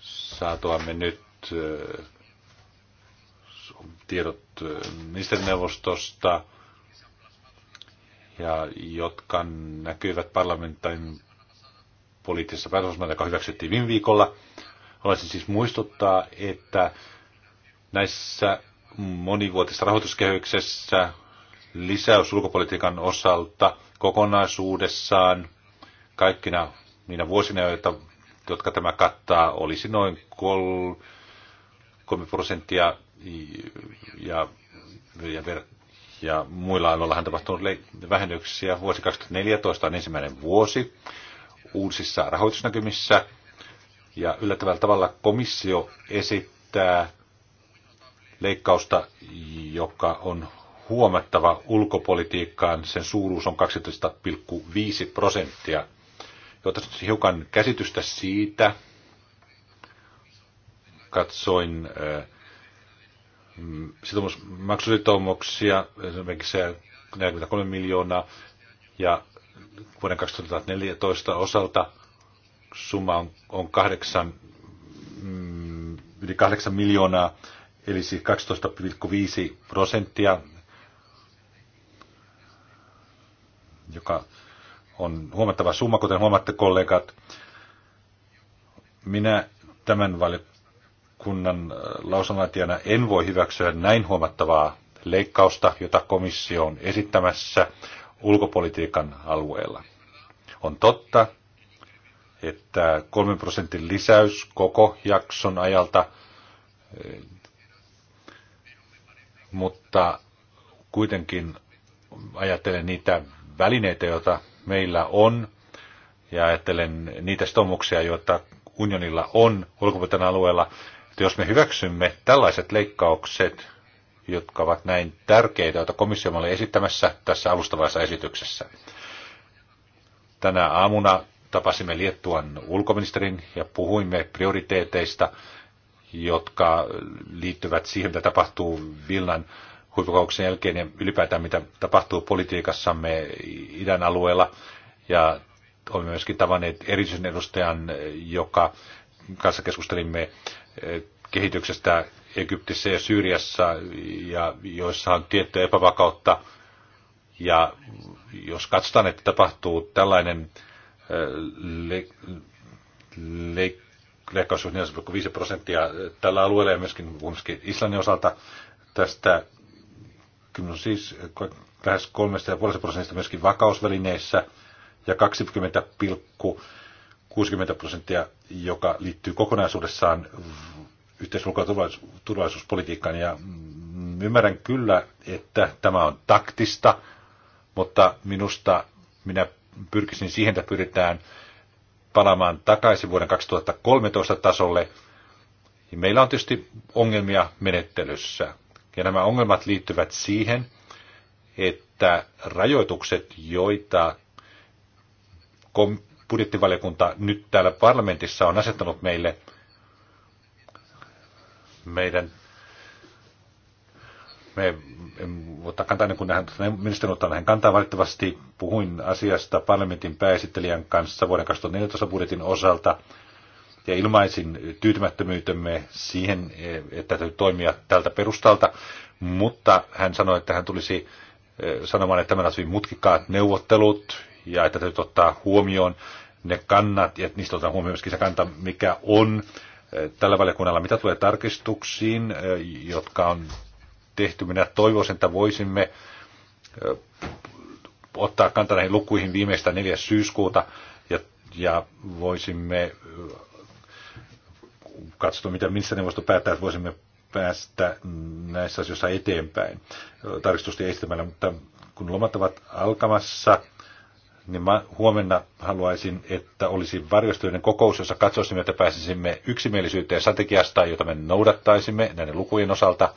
saatoamme nyt äh, tiedot äh, ministerineuvostosta, ja jotka näkyvät parlamentin poliittisessa päätösosmassa, joka hyväksyttiin viime viikolla. Haluaisin siis muistuttaa, että näissä monivuotisessa rahoituskehyksessä lisäys ulkopolitiikan osalta kokonaisuudessaan kaikkina niinä vuosina, joita, jotka tämä kattaa, olisi noin 3 prosenttia ja, ja, ver, ja muilla aloillahan tapahtunut vähennyksiä. Vuosi 2014 on ensimmäinen vuosi uusissa rahoitusnäkymissä ja yllättävällä tavalla komissio esittää leikkausta, joka on huomattava ulkopolitiikkaan. Sen suuruus on 12,5 prosenttia jotta hiukan käsitystä siitä, katsoin äh, mm, sitoumusmaksusitoumuksia, esimerkiksi 43 miljoonaa, ja vuoden 2014 osalta summa on, on 8, mm, yli 8 miljoonaa, eli siis 12,5 prosenttia, joka on huomattava summa, kuten huomaatte kollegat. Minä tämän valiokunnan äh, lausunnantajana en voi hyväksyä näin huomattavaa leikkausta, jota komissio on esittämässä ulkopolitiikan alueella. On totta, että 3 prosentin lisäys koko jakson ajalta, äh, mutta kuitenkin ajattelen niitä välineitä, joita meillä on, ja ajattelen niitä sitoumuksia, joita unionilla on ulkopuolten alueella, että jos me hyväksymme tällaiset leikkaukset, jotka ovat näin tärkeitä, joita komissio oli esittämässä tässä alustavassa esityksessä. Tänä aamuna tapasimme Liettuan ulkoministerin ja puhuimme prioriteeteista, jotka liittyvät siihen, mitä tapahtuu Vilnan huippukauksen jälkeen ja ylipäätään mitä tapahtuu politiikassamme idän alueella. Ja olemme myöskin tavanneet erityisen edustajan, joka kanssa keskustelimme eh, kehityksestä Egyptissä ja Syyriassa, ja joissa on tiettyä epävakautta. Ja jos katsotaan, että tapahtuu tällainen eh, le- le- leikkaus 4,5 prosenttia eh, tällä alueella ja myöskin, myöskin Islannin osalta tästä No siis eh, lähes 3,5 prosentista myöskin vakausvälineissä ja 20,60 prosenttia, joka liittyy kokonaisuudessaan yhteisulko- ja turvallisuuspolitiikkaan. Ja mm, ymmärrän kyllä, että tämä on taktista, mutta minusta minä pyrkisin siihen, että pyritään palaamaan takaisin vuoden 2013 tasolle. Meillä on tietysti ongelmia menettelyssä. Ja nämä ongelmat liittyvät siihen, että rajoitukset, joita budjettivaliokunta nyt täällä parlamentissa on asettanut meille, meidän me, mutta kantaa, niin kun ministeri ottaa näihin kantaa valitettavasti, puhuin asiasta parlamentin pääesittelijän kanssa vuoden 2014 budjetin osalta, ja ilmaisin tyytymättömyytemme siihen, että täytyy toimia tältä perustalta, mutta hän sanoi, että hän tulisi eh, sanomaan, että tämä on mutkikkaat neuvottelut ja että täytyy ottaa huomioon ne kannat ja niistä otetaan huomioon myöskin se kanta, mikä on eh, tällä valiokunnalla, mitä tulee tarkistuksiin, eh, jotka on tehty. Minä toivoisin, että voisimme ottaa kantaa näihin lukuihin viimeistä 4. syyskuuta ja, ja voisimme katsottu, mitä missä neuvosto päättää, että voisimme päästä näissä asioissa eteenpäin Tarkistusti estämällä, mutta kun lomat ovat alkamassa, niin mä huomenna haluaisin, että olisi varjostojen kokous, jossa katsoisimme, että pääsisimme yksimielisyyteen strategiasta, jota me noudattaisimme näiden lukujen osalta.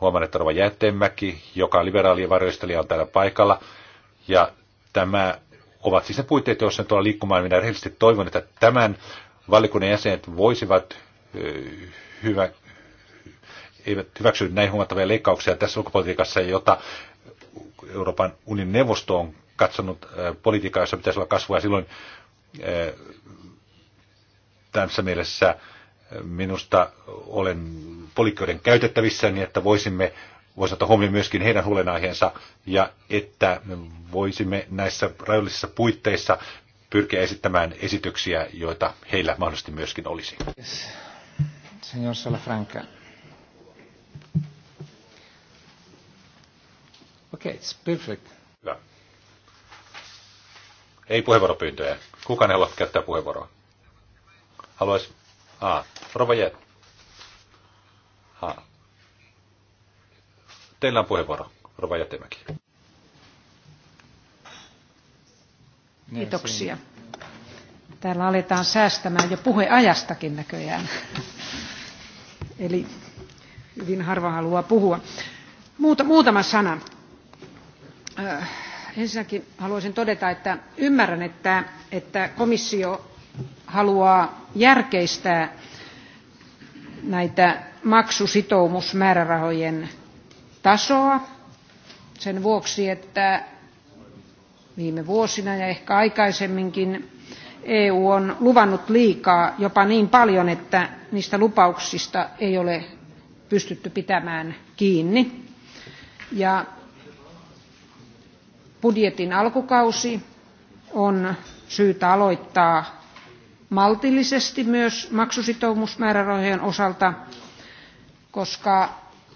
Huomaan, että Rova Jäätteenmäki, joka on liberaali varjostelija, on täällä paikalla. Ja tämä ovat siis ne puitteet, joissa tuolla liikkumaan. Minä rehellisesti toivon, että tämän valikunnan jäsenet voisivat hyvä, eivät hyväksy näin huomattavia leikkauksia tässä ulkopolitiikassa, jota Euroopan unionin neuvosto on katsonut politiikkaa, jossa pitäisi olla kasvua. Ja silloin tässä mielessä minusta olen poliikkoiden käytettävissä niin, että voisimme voisi ottaa huomioon myöskin heidän huolenaiheensa ja että me voisimme näissä rajallisissa puitteissa pyrkiä esittämään esityksiä, joita heillä mahdollisesti myöskin olisi. Señor Salafranca. Okay, it's perfect. Hyvä. Ei puheenvuoropyyntöjä. Kuka ne haluaa käyttää puheenvuoroa. Haluaisi... Ah, Rova Jett. Ah. Teillä on puheenvuoro, Rova Jättimäki. Niin, Kiitoksia. Täällä aletaan säästämään jo puheajastakin näköjään. Eli hyvin harva haluaa puhua. Muuta, muutama sana. Äh, ensinnäkin haluaisin todeta, että ymmärrän, että, että komissio haluaa järkeistää näitä maksusitoumusmäärärahojen tasoa sen vuoksi, että viime vuosina ja ehkä aikaisemminkin EU on luvannut liikaa, jopa niin paljon, että niistä lupauksista ei ole pystytty pitämään kiinni. Ja budjetin alkukausi on syytä aloittaa maltillisesti myös maksusitoumusmäärärahojen osalta, koska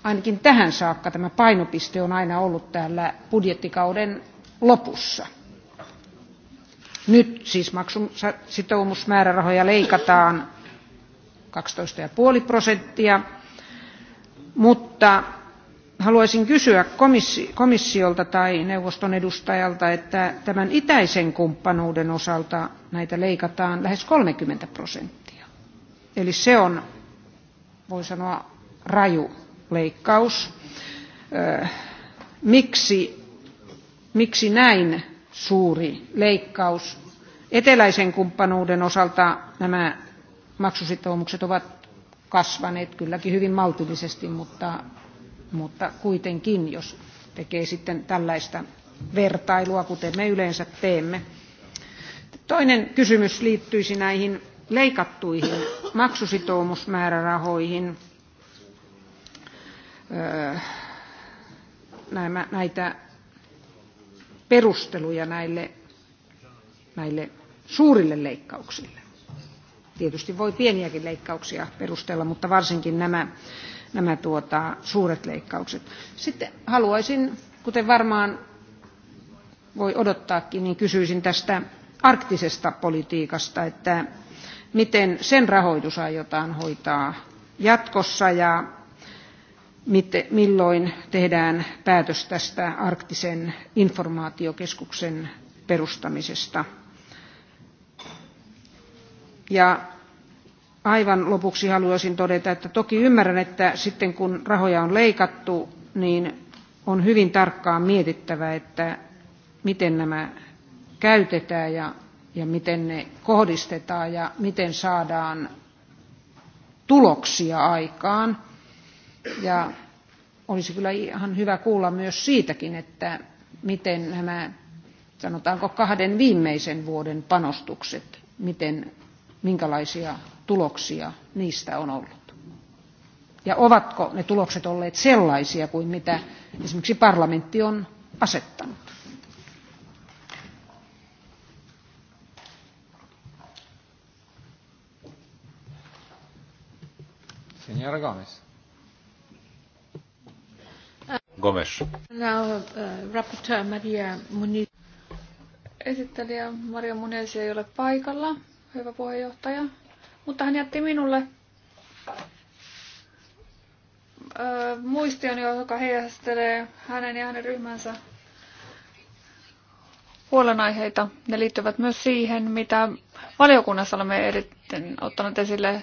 ainakin tähän saakka tämä painopiste on aina ollut täällä budjettikauden lopussa. Nyt siis maksusitoumusmäärärahoja leikataan 12,5 prosenttia, mutta haluaisin kysyä komissiolta tai neuvoston edustajalta, että tämän itäisen kumppanuuden osalta näitä leikataan lähes 30 prosenttia. Eli se on, voi sanoa, raju leikkaus. Miksi miksi näin suuri leikkaus? Eteläisen kumppanuuden osalta nämä maksusitoumukset ovat kasvaneet kylläkin hyvin maltillisesti, mutta, mutta kuitenkin, jos tekee sitten tällaista vertailua, kuten me yleensä teemme. Toinen kysymys liittyisi näihin leikattuihin maksusitoumusmäärärahoihin. näitä perusteluja näille, suurille leikkauksille. Tietysti voi pieniäkin leikkauksia perustella, mutta varsinkin nämä, nämä tuota, suuret leikkaukset. Sitten haluaisin, kuten varmaan voi odottaakin, niin kysyisin tästä arktisesta politiikasta, että miten sen rahoitus aiotaan hoitaa jatkossa ja milloin tehdään päätös tästä arktisen informaatiokeskuksen perustamisesta. Ja aivan lopuksi haluaisin todeta, että toki ymmärrän, että sitten kun rahoja on leikattu, niin on hyvin tarkkaan mietittävä, että miten nämä käytetään ja, ja miten ne kohdistetaan ja miten saadaan tuloksia aikaan ja olisi kyllä ihan hyvä kuulla myös siitäkin, että miten nämä sanotaanko kahden viimeisen vuoden panostukset, miten, minkälaisia tuloksia niistä on ollut. Ja ovatko ne tulokset olleet sellaisia kuin mitä esimerkiksi parlamentti on asettanut. Señora Gómez. Gomes. Now, uh, rapporteur Maria Muniz. Esittelijä Maria Munez ei ole paikalla, hyvä puheenjohtaja, mutta hän jätti minulle ö, muistion, joka heijastelee hänen ja hänen ryhmänsä huolenaiheita. Ne liittyvät myös siihen, mitä valiokunnassa olemme erittäin ottaneet esille,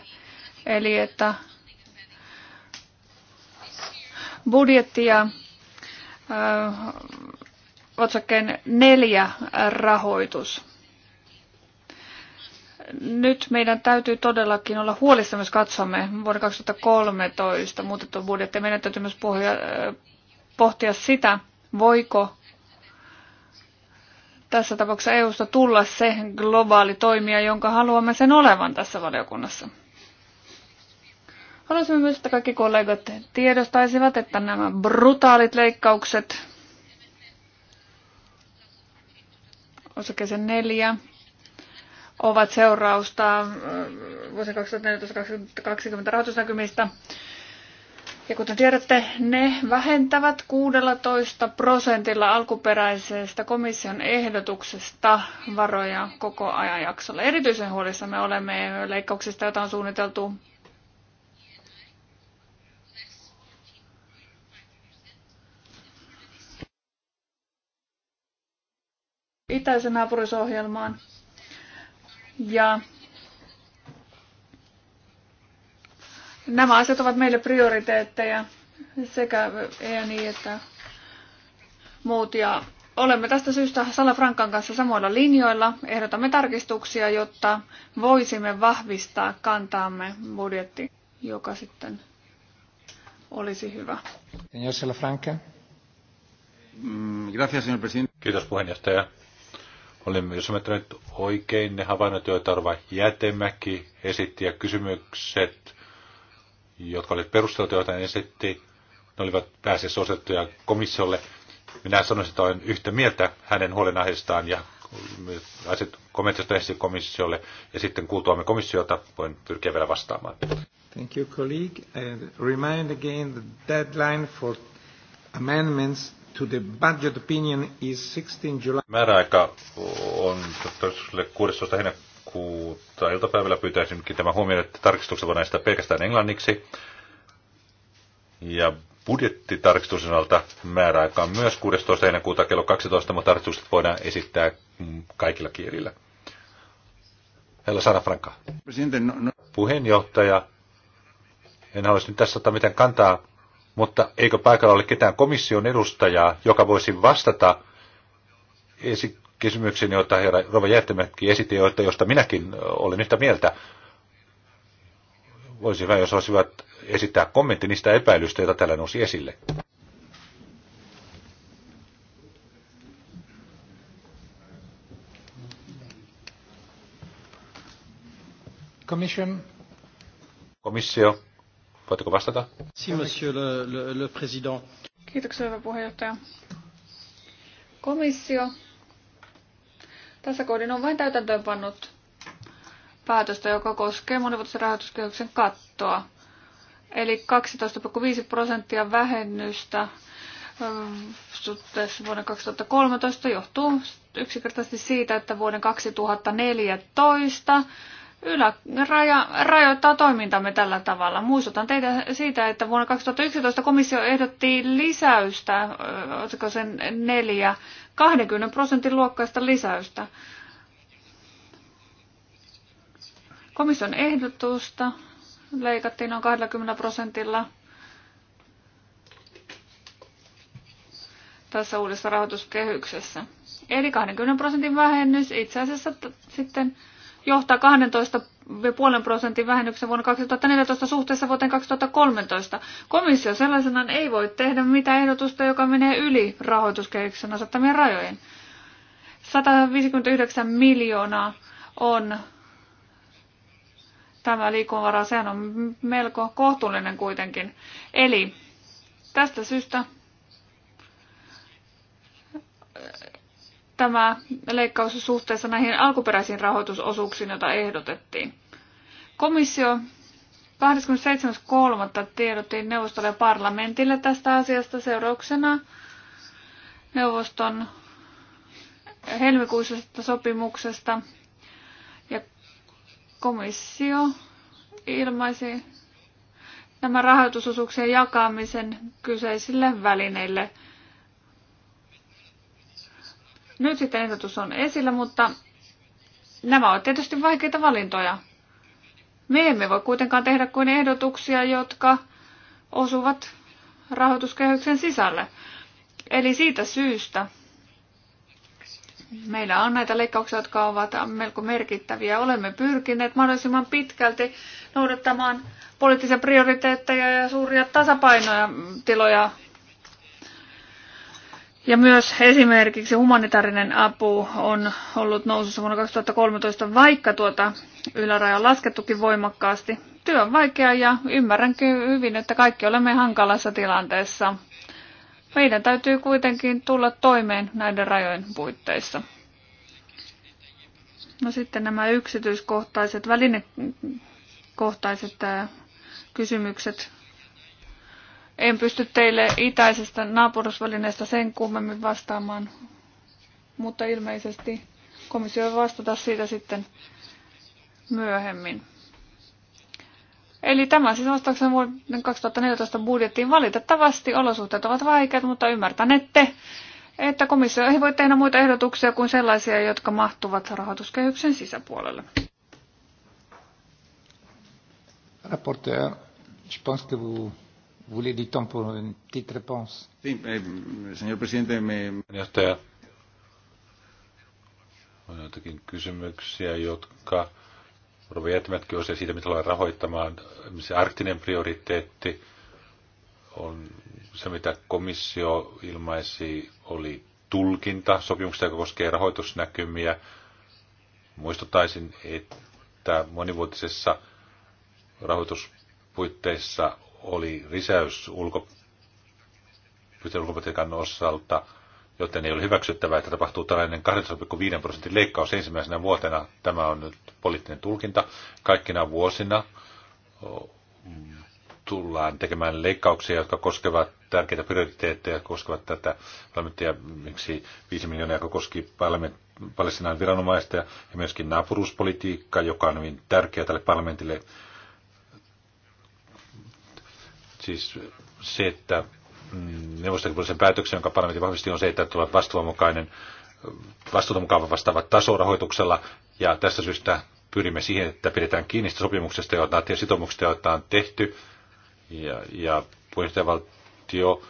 eli että budjetti ja otsakkeen neljä rahoitus. Nyt meidän täytyy todellakin olla huolissamme, jos katsomme vuoden 2013 muutettu budjetti. Meidän täytyy myös pohja, pohtia sitä, voiko tässä tapauksessa EUsta tulla se globaali toimija, jonka haluamme sen olevan tässä valiokunnassa. Haluaisimme myös, että kaikki kollegat tiedostaisivat, että nämä brutaalit leikkaukset osakkeeseen neljä ovat seurausta äh, vuosien 2014-2020 rahoitusnäkymistä. Ja kuten tiedätte, ne vähentävät 16 prosentilla alkuperäisestä komission ehdotuksesta varoja koko ajan jaksolla. Erityisen huolissamme olemme leikkauksista, joita on suunniteltu itäisen naapurisohjelmaan. Ja nämä asiat ovat meille prioriteetteja sekä ENI että muut. Ja olemme tästä syystä Frankan kanssa samoilla linjoilla. Ehdotamme tarkistuksia, jotta voisimme vahvistaa kantaamme budjetti, joka sitten olisi hyvä. Señor Salafranca. Mm, gracias, señor presidente. Kiitos puheenjohtaja. Olemme jos ymmärtäneet oikein ne havainnot, joita Arva Jätemäki esitti ja kysymykset, jotka olivat perusteltuja, joita hän esitti, ne olivat pääasiassa osoitettuja komissiolle. Minä sanoisin, että olen yhtä mieltä hänen huolenaiheestaan ja kommentoista esitti komissiolle ja sitten kuultuamme komissiota voin pyrkiä vielä vastaamaan. Thank you, colleague. And remind again the deadline for amendments to the budget opinion is 16 July. Määräaika on 16. heinäkuuta iltapäivällä. Pyytäisinkin tämä huomioon, että tarkistukset voidaan näistä pelkästään englanniksi. Ja alta määräaika on myös 16. heinäkuuta kello 12, mutta tarkistukset voidaan esittää kaikilla kielillä. Hella Sara Franka. No, no. Puheenjohtaja, en haluaisi nyt tässä ottaa mitään kantaa mutta eikö paikalla ole ketään komission edustajaa, joka voisi vastata esi- joita jota herra Rova Jättämäki esitti, josta minäkin olen yhtä mieltä. voisi hyvä, jos olisivat esittää kommentti niistä epäilystä, joita täällä nousi esille. Commission. Komissio. Voitteko vastata? Si, monsieur le, le, le président. Kiitoksia, hyvä puheenjohtaja. Komissio tässä kohdin on vain täytäntöönpannut päätöstä, joka koskee monivuotisen rahoituskehyksen kattoa. Eli 12,5 prosenttia vähennystä suhteessa vuonna 2013 johtuu yksinkertaisesti siitä, että vuoden 2014 yläraja rajoittaa toimintamme tällä tavalla. Muistutan teitä siitä, että vuonna 2011 komissio ehdotti lisäystä, otsiko sen neljä, 20 prosentin luokkaista lisäystä. Komission ehdotusta leikattiin noin 20 prosentilla. tässä uudessa rahoituskehyksessä. Eli 20 prosentin vähennys itse asiassa sitten johtaa 12,5 prosentin vähennyksen vuonna 2014 suhteessa vuoteen 2013. Komissio sellaisenaan ei voi tehdä mitään ehdotusta, joka menee yli rahoituskehityksen asettamien rajojen. 159 miljoonaa on tämä liikkuvara, sehän on melko kohtuullinen kuitenkin. Eli tästä syystä tämä leikkaus suhteessa näihin alkuperäisiin rahoitusosuuksiin, joita ehdotettiin. Komissio 27.3. tiedottiin neuvostolle ja parlamentille tästä asiasta seurauksena neuvoston helmikuisesta sopimuksesta. Ja komissio ilmaisi nämä rahoitusosuuksien jakamisen kyseisille välineille – nyt sitten ehdotus on esillä, mutta nämä ovat tietysti vaikeita valintoja. Me emme voi kuitenkaan tehdä kuin ehdotuksia, jotka osuvat rahoituskehyksen sisälle. Eli siitä syystä meillä on näitä leikkauksia, jotka ovat melko merkittäviä. Olemme pyrkineet mahdollisimman pitkälti noudattamaan poliittisia prioriteetteja ja suuria tasapainoja tiloja ja myös esimerkiksi humanitaarinen apu on ollut nousussa vuonna 2013, vaikka tuota yläraja on laskettukin voimakkaasti. Työ on vaikea ja ymmärrän hyvin, että kaikki olemme hankalassa tilanteessa. Meidän täytyy kuitenkin tulla toimeen näiden rajojen puitteissa. No sitten nämä yksityiskohtaiset, välinekohtaiset kysymykset en pysty teille itäisestä naapurusvälineestä sen kummemmin vastaamaan, mutta ilmeisesti komissio voi vastata siitä sitten myöhemmin. Eli tämä siis vastauksen vuoden 2014 budjettiin valitettavasti olosuhteet ovat vaikeat, mutta ymmärtänette, että komissio ei voi tehdä muita ehdotuksia kuin sellaisia, jotka mahtuvat rahoituskehyksen sisäpuolelle. Raportteja. je Vous voulez du temps pour une petite réponse eh, on joitakin kysymyksiä, jotka Ruvi jättämätkin osia siitä, mitä ollaan rahoittamaan. Se arktinen prioriteetti on se, mitä komissio ilmaisi, oli tulkinta sopimuksesta, joka koskee rahoitusnäkymiä. Muistuttaisin, että monivuotisessa rahoituspuitteissa oli lisäys ulko, ulkopolitiikan osalta, joten ei ole hyväksyttävää, että tapahtuu tällainen 2,5 prosentin leikkaus ensimmäisenä vuotena. Tämä on nyt poliittinen tulkinta. Kaikkina vuosina tullaan tekemään leikkauksia, jotka koskevat tärkeitä prioriteetteja, koskevat tätä parlamenttia, miksi 5 miljoonaa, joka koski palestinaan viranomaista ja myöskin naapuruuspolitiikka, joka on hyvin tärkeä tälle parlamentille Siis se, että neuvostokipuolisen päätöksen, jonka parlamentti vahvisti, on se, että tulevat vastuunmukainen vastaava vastaavat tasorahoituksella, ja tästä syystä pyrimme siihen, että pidetään kiinni sopimuksesta, joita ja sitoumuksista, joita on tehty, ja, ja puheenjohtajavaltio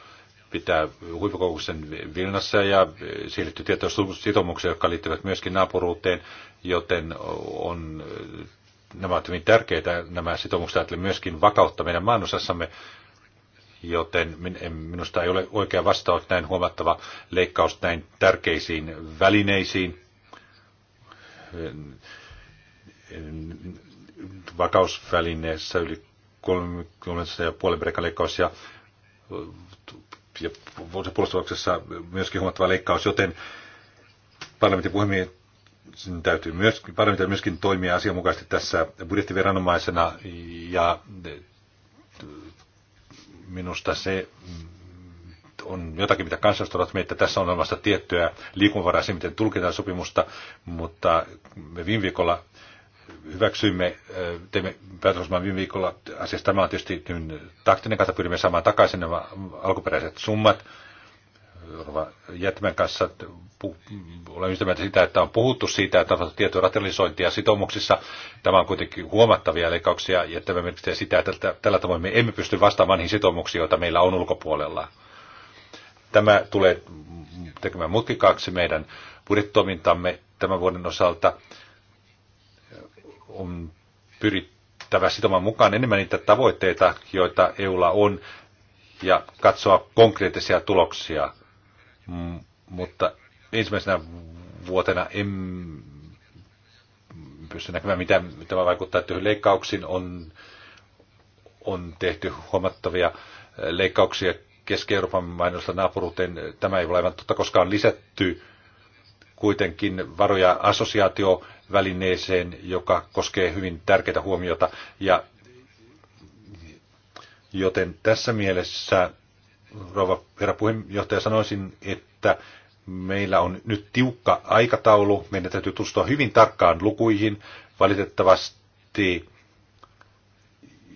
pitää huippukokouksen Vilnassa ja siirtyy tietoja sitoumuksia, jotka liittyvät myöskin naapuruuteen, joten on, nämä ovat hyvin tärkeitä nämä sitoumukset ajattelen myöskin vakautta meidän maanosassamme, joten minusta ei ole oikea vastaus näin huomattava leikkaus näin tärkeisiin välineisiin. Vakausvälineessä yli 30,5 brekan leikkaus ja, ja puolustuksessa myöskin huomattava leikkaus, joten parlamentin puhemies sen täytyy myös, parlamentti myöskin toimia asianmukaisesti tässä budjettiviranomaisena ja minusta se mm, on jotakin, mitä kansalaiset ovat meitä. Tässä on olemassa tiettyä liikunvaraa se, miten tulkitaan sopimusta, mutta me viime viikolla hyväksyimme, teimme päätösmaan viime viikolla, asiassa tämä on tietysti niin taktinen kata, pyrimme saamaan takaisin nämä alkuperäiset summat, Jätmän kanssa olen yhtä mieltä sitä, että on puhuttu siitä, että on tiettyä rationalisointia sitoumuksissa. Tämä on kuitenkin huomattavia leikkauksia ja tämä merkitsee sitä, että tällä tavoin me emme pysty vastaamaan niihin sitoumuksiin, joita meillä on ulkopuolella. Tämä tulee tekemään mutkikaaksi meidän budjettitoimintamme tämän vuoden osalta. On pyrittävä sitomaan mukaan enemmän niitä tavoitteita, joita EUlla on, ja katsoa konkreettisia tuloksia mutta ensimmäisenä vuotena en pysty näkemään, mitä tämä vaikuttaa työhön. Leikkauksiin on, on tehty huomattavia äh, leikkauksia Keski-Euroopan mainosta naapuruuteen. Tämä ei ole aivan totta, koska on lisätty kuitenkin varoja assosiaatiovälineeseen, joka koskee hyvin tärkeitä huomiota. Ja, joten tässä mielessä rouva herra puheenjohtaja, sanoisin, että meillä on nyt tiukka aikataulu. Meidän täytyy tutustua hyvin tarkkaan lukuihin. Valitettavasti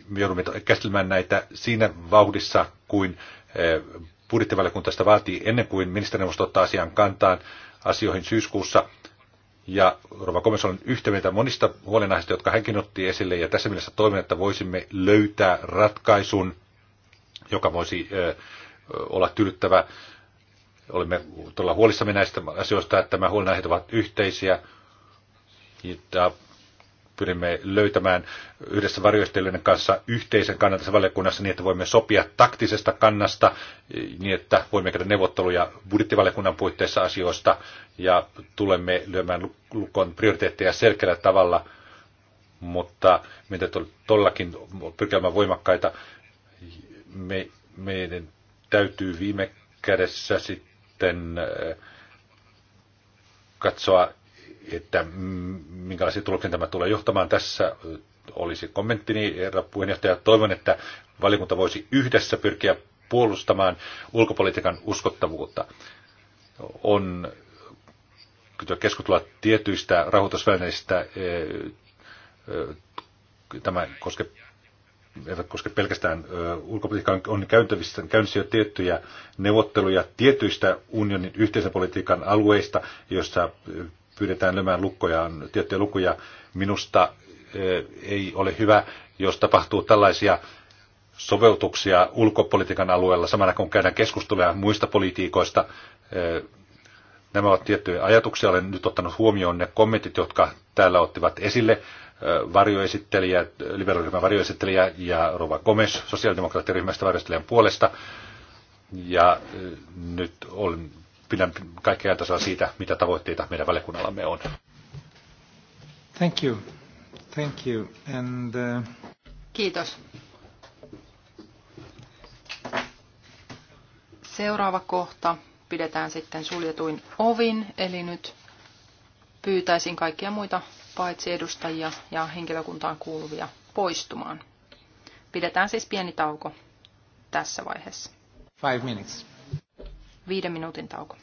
me joudumme käsittelemään näitä siinä vauhdissa, kuin eh, budjettivaliokunta sitä vaatii ennen kuin ministerineuvosto ottaa asian kantaan asioihin syyskuussa. Ja Rova komissio on yhtä mieltä monista huolenaiheista, jotka hänkin otti esille, ja tässä mielessä toivon, että voisimme löytää ratkaisun, joka voisi äh, olla tyydyttävä. Olemme todella huolissamme näistä asioista, että nämä huolenaiheet ovat yhteisiä. Ja pyrimme löytämään yhdessä varjoistelijoiden kanssa yhteisen kannan tässä valiokunnassa niin, että voimme sopia taktisesta kannasta, niin että voimme käydä neuvotteluja budjettivaliokunnan puitteissa asioista ja tulemme lyömään lukon prioriteetteja selkeällä tavalla, mutta meitä todellakin pyrkimään voimakkaita. Me, meidän täytyy viime kädessä sitten äh, katsoa, että minkälaisia tuloksia tämä tulee johtamaan. Tässä äh, olisi kommenttini, herra puheenjohtaja. Toivon, että valiokunta voisi yhdessä pyrkiä puolustamaan ulkopolitiikan uskottavuutta. On keskustella tietyistä rahoitusvälineistä. Äh, tämä koskee eivät koske pelkästään ulkopolitiikkaa, on käytävissä, käynnissä jo tiettyjä neuvotteluja tietyistä unionin yhteisen politiikan alueista, joissa pyydetään lyömään lukkoja, tiettyjä lukuja. Minusta ei ole hyvä, jos tapahtuu tällaisia soveutuksia ulkopolitiikan alueella, samana kun käydään keskusteluja muista politiikoista. Nämä ovat tiettyjä ajatuksia. Olen nyt ottanut huomioon ne kommentit, jotka täällä ottivat esille varjoesittelijä, liberaaliryhmän varjoesittelijä ja Rova Gomes sosiaalidemokraattiryhmästä varjoesittelijän puolesta. Ja nyt olen, pidän kaikkea ajantasoa siitä, mitä tavoitteita meidän valiokunnallamme on. Thank you. Thank you. And, uh... Kiitos. Seuraava kohta pidetään sitten suljetuin ovin, eli nyt pyytäisin kaikkia muita paitsi edustajia ja henkilökuntaan kuuluvia poistumaan. Pidetään siis pieni tauko tässä vaiheessa. Five minutes. Viiden minuutin tauko.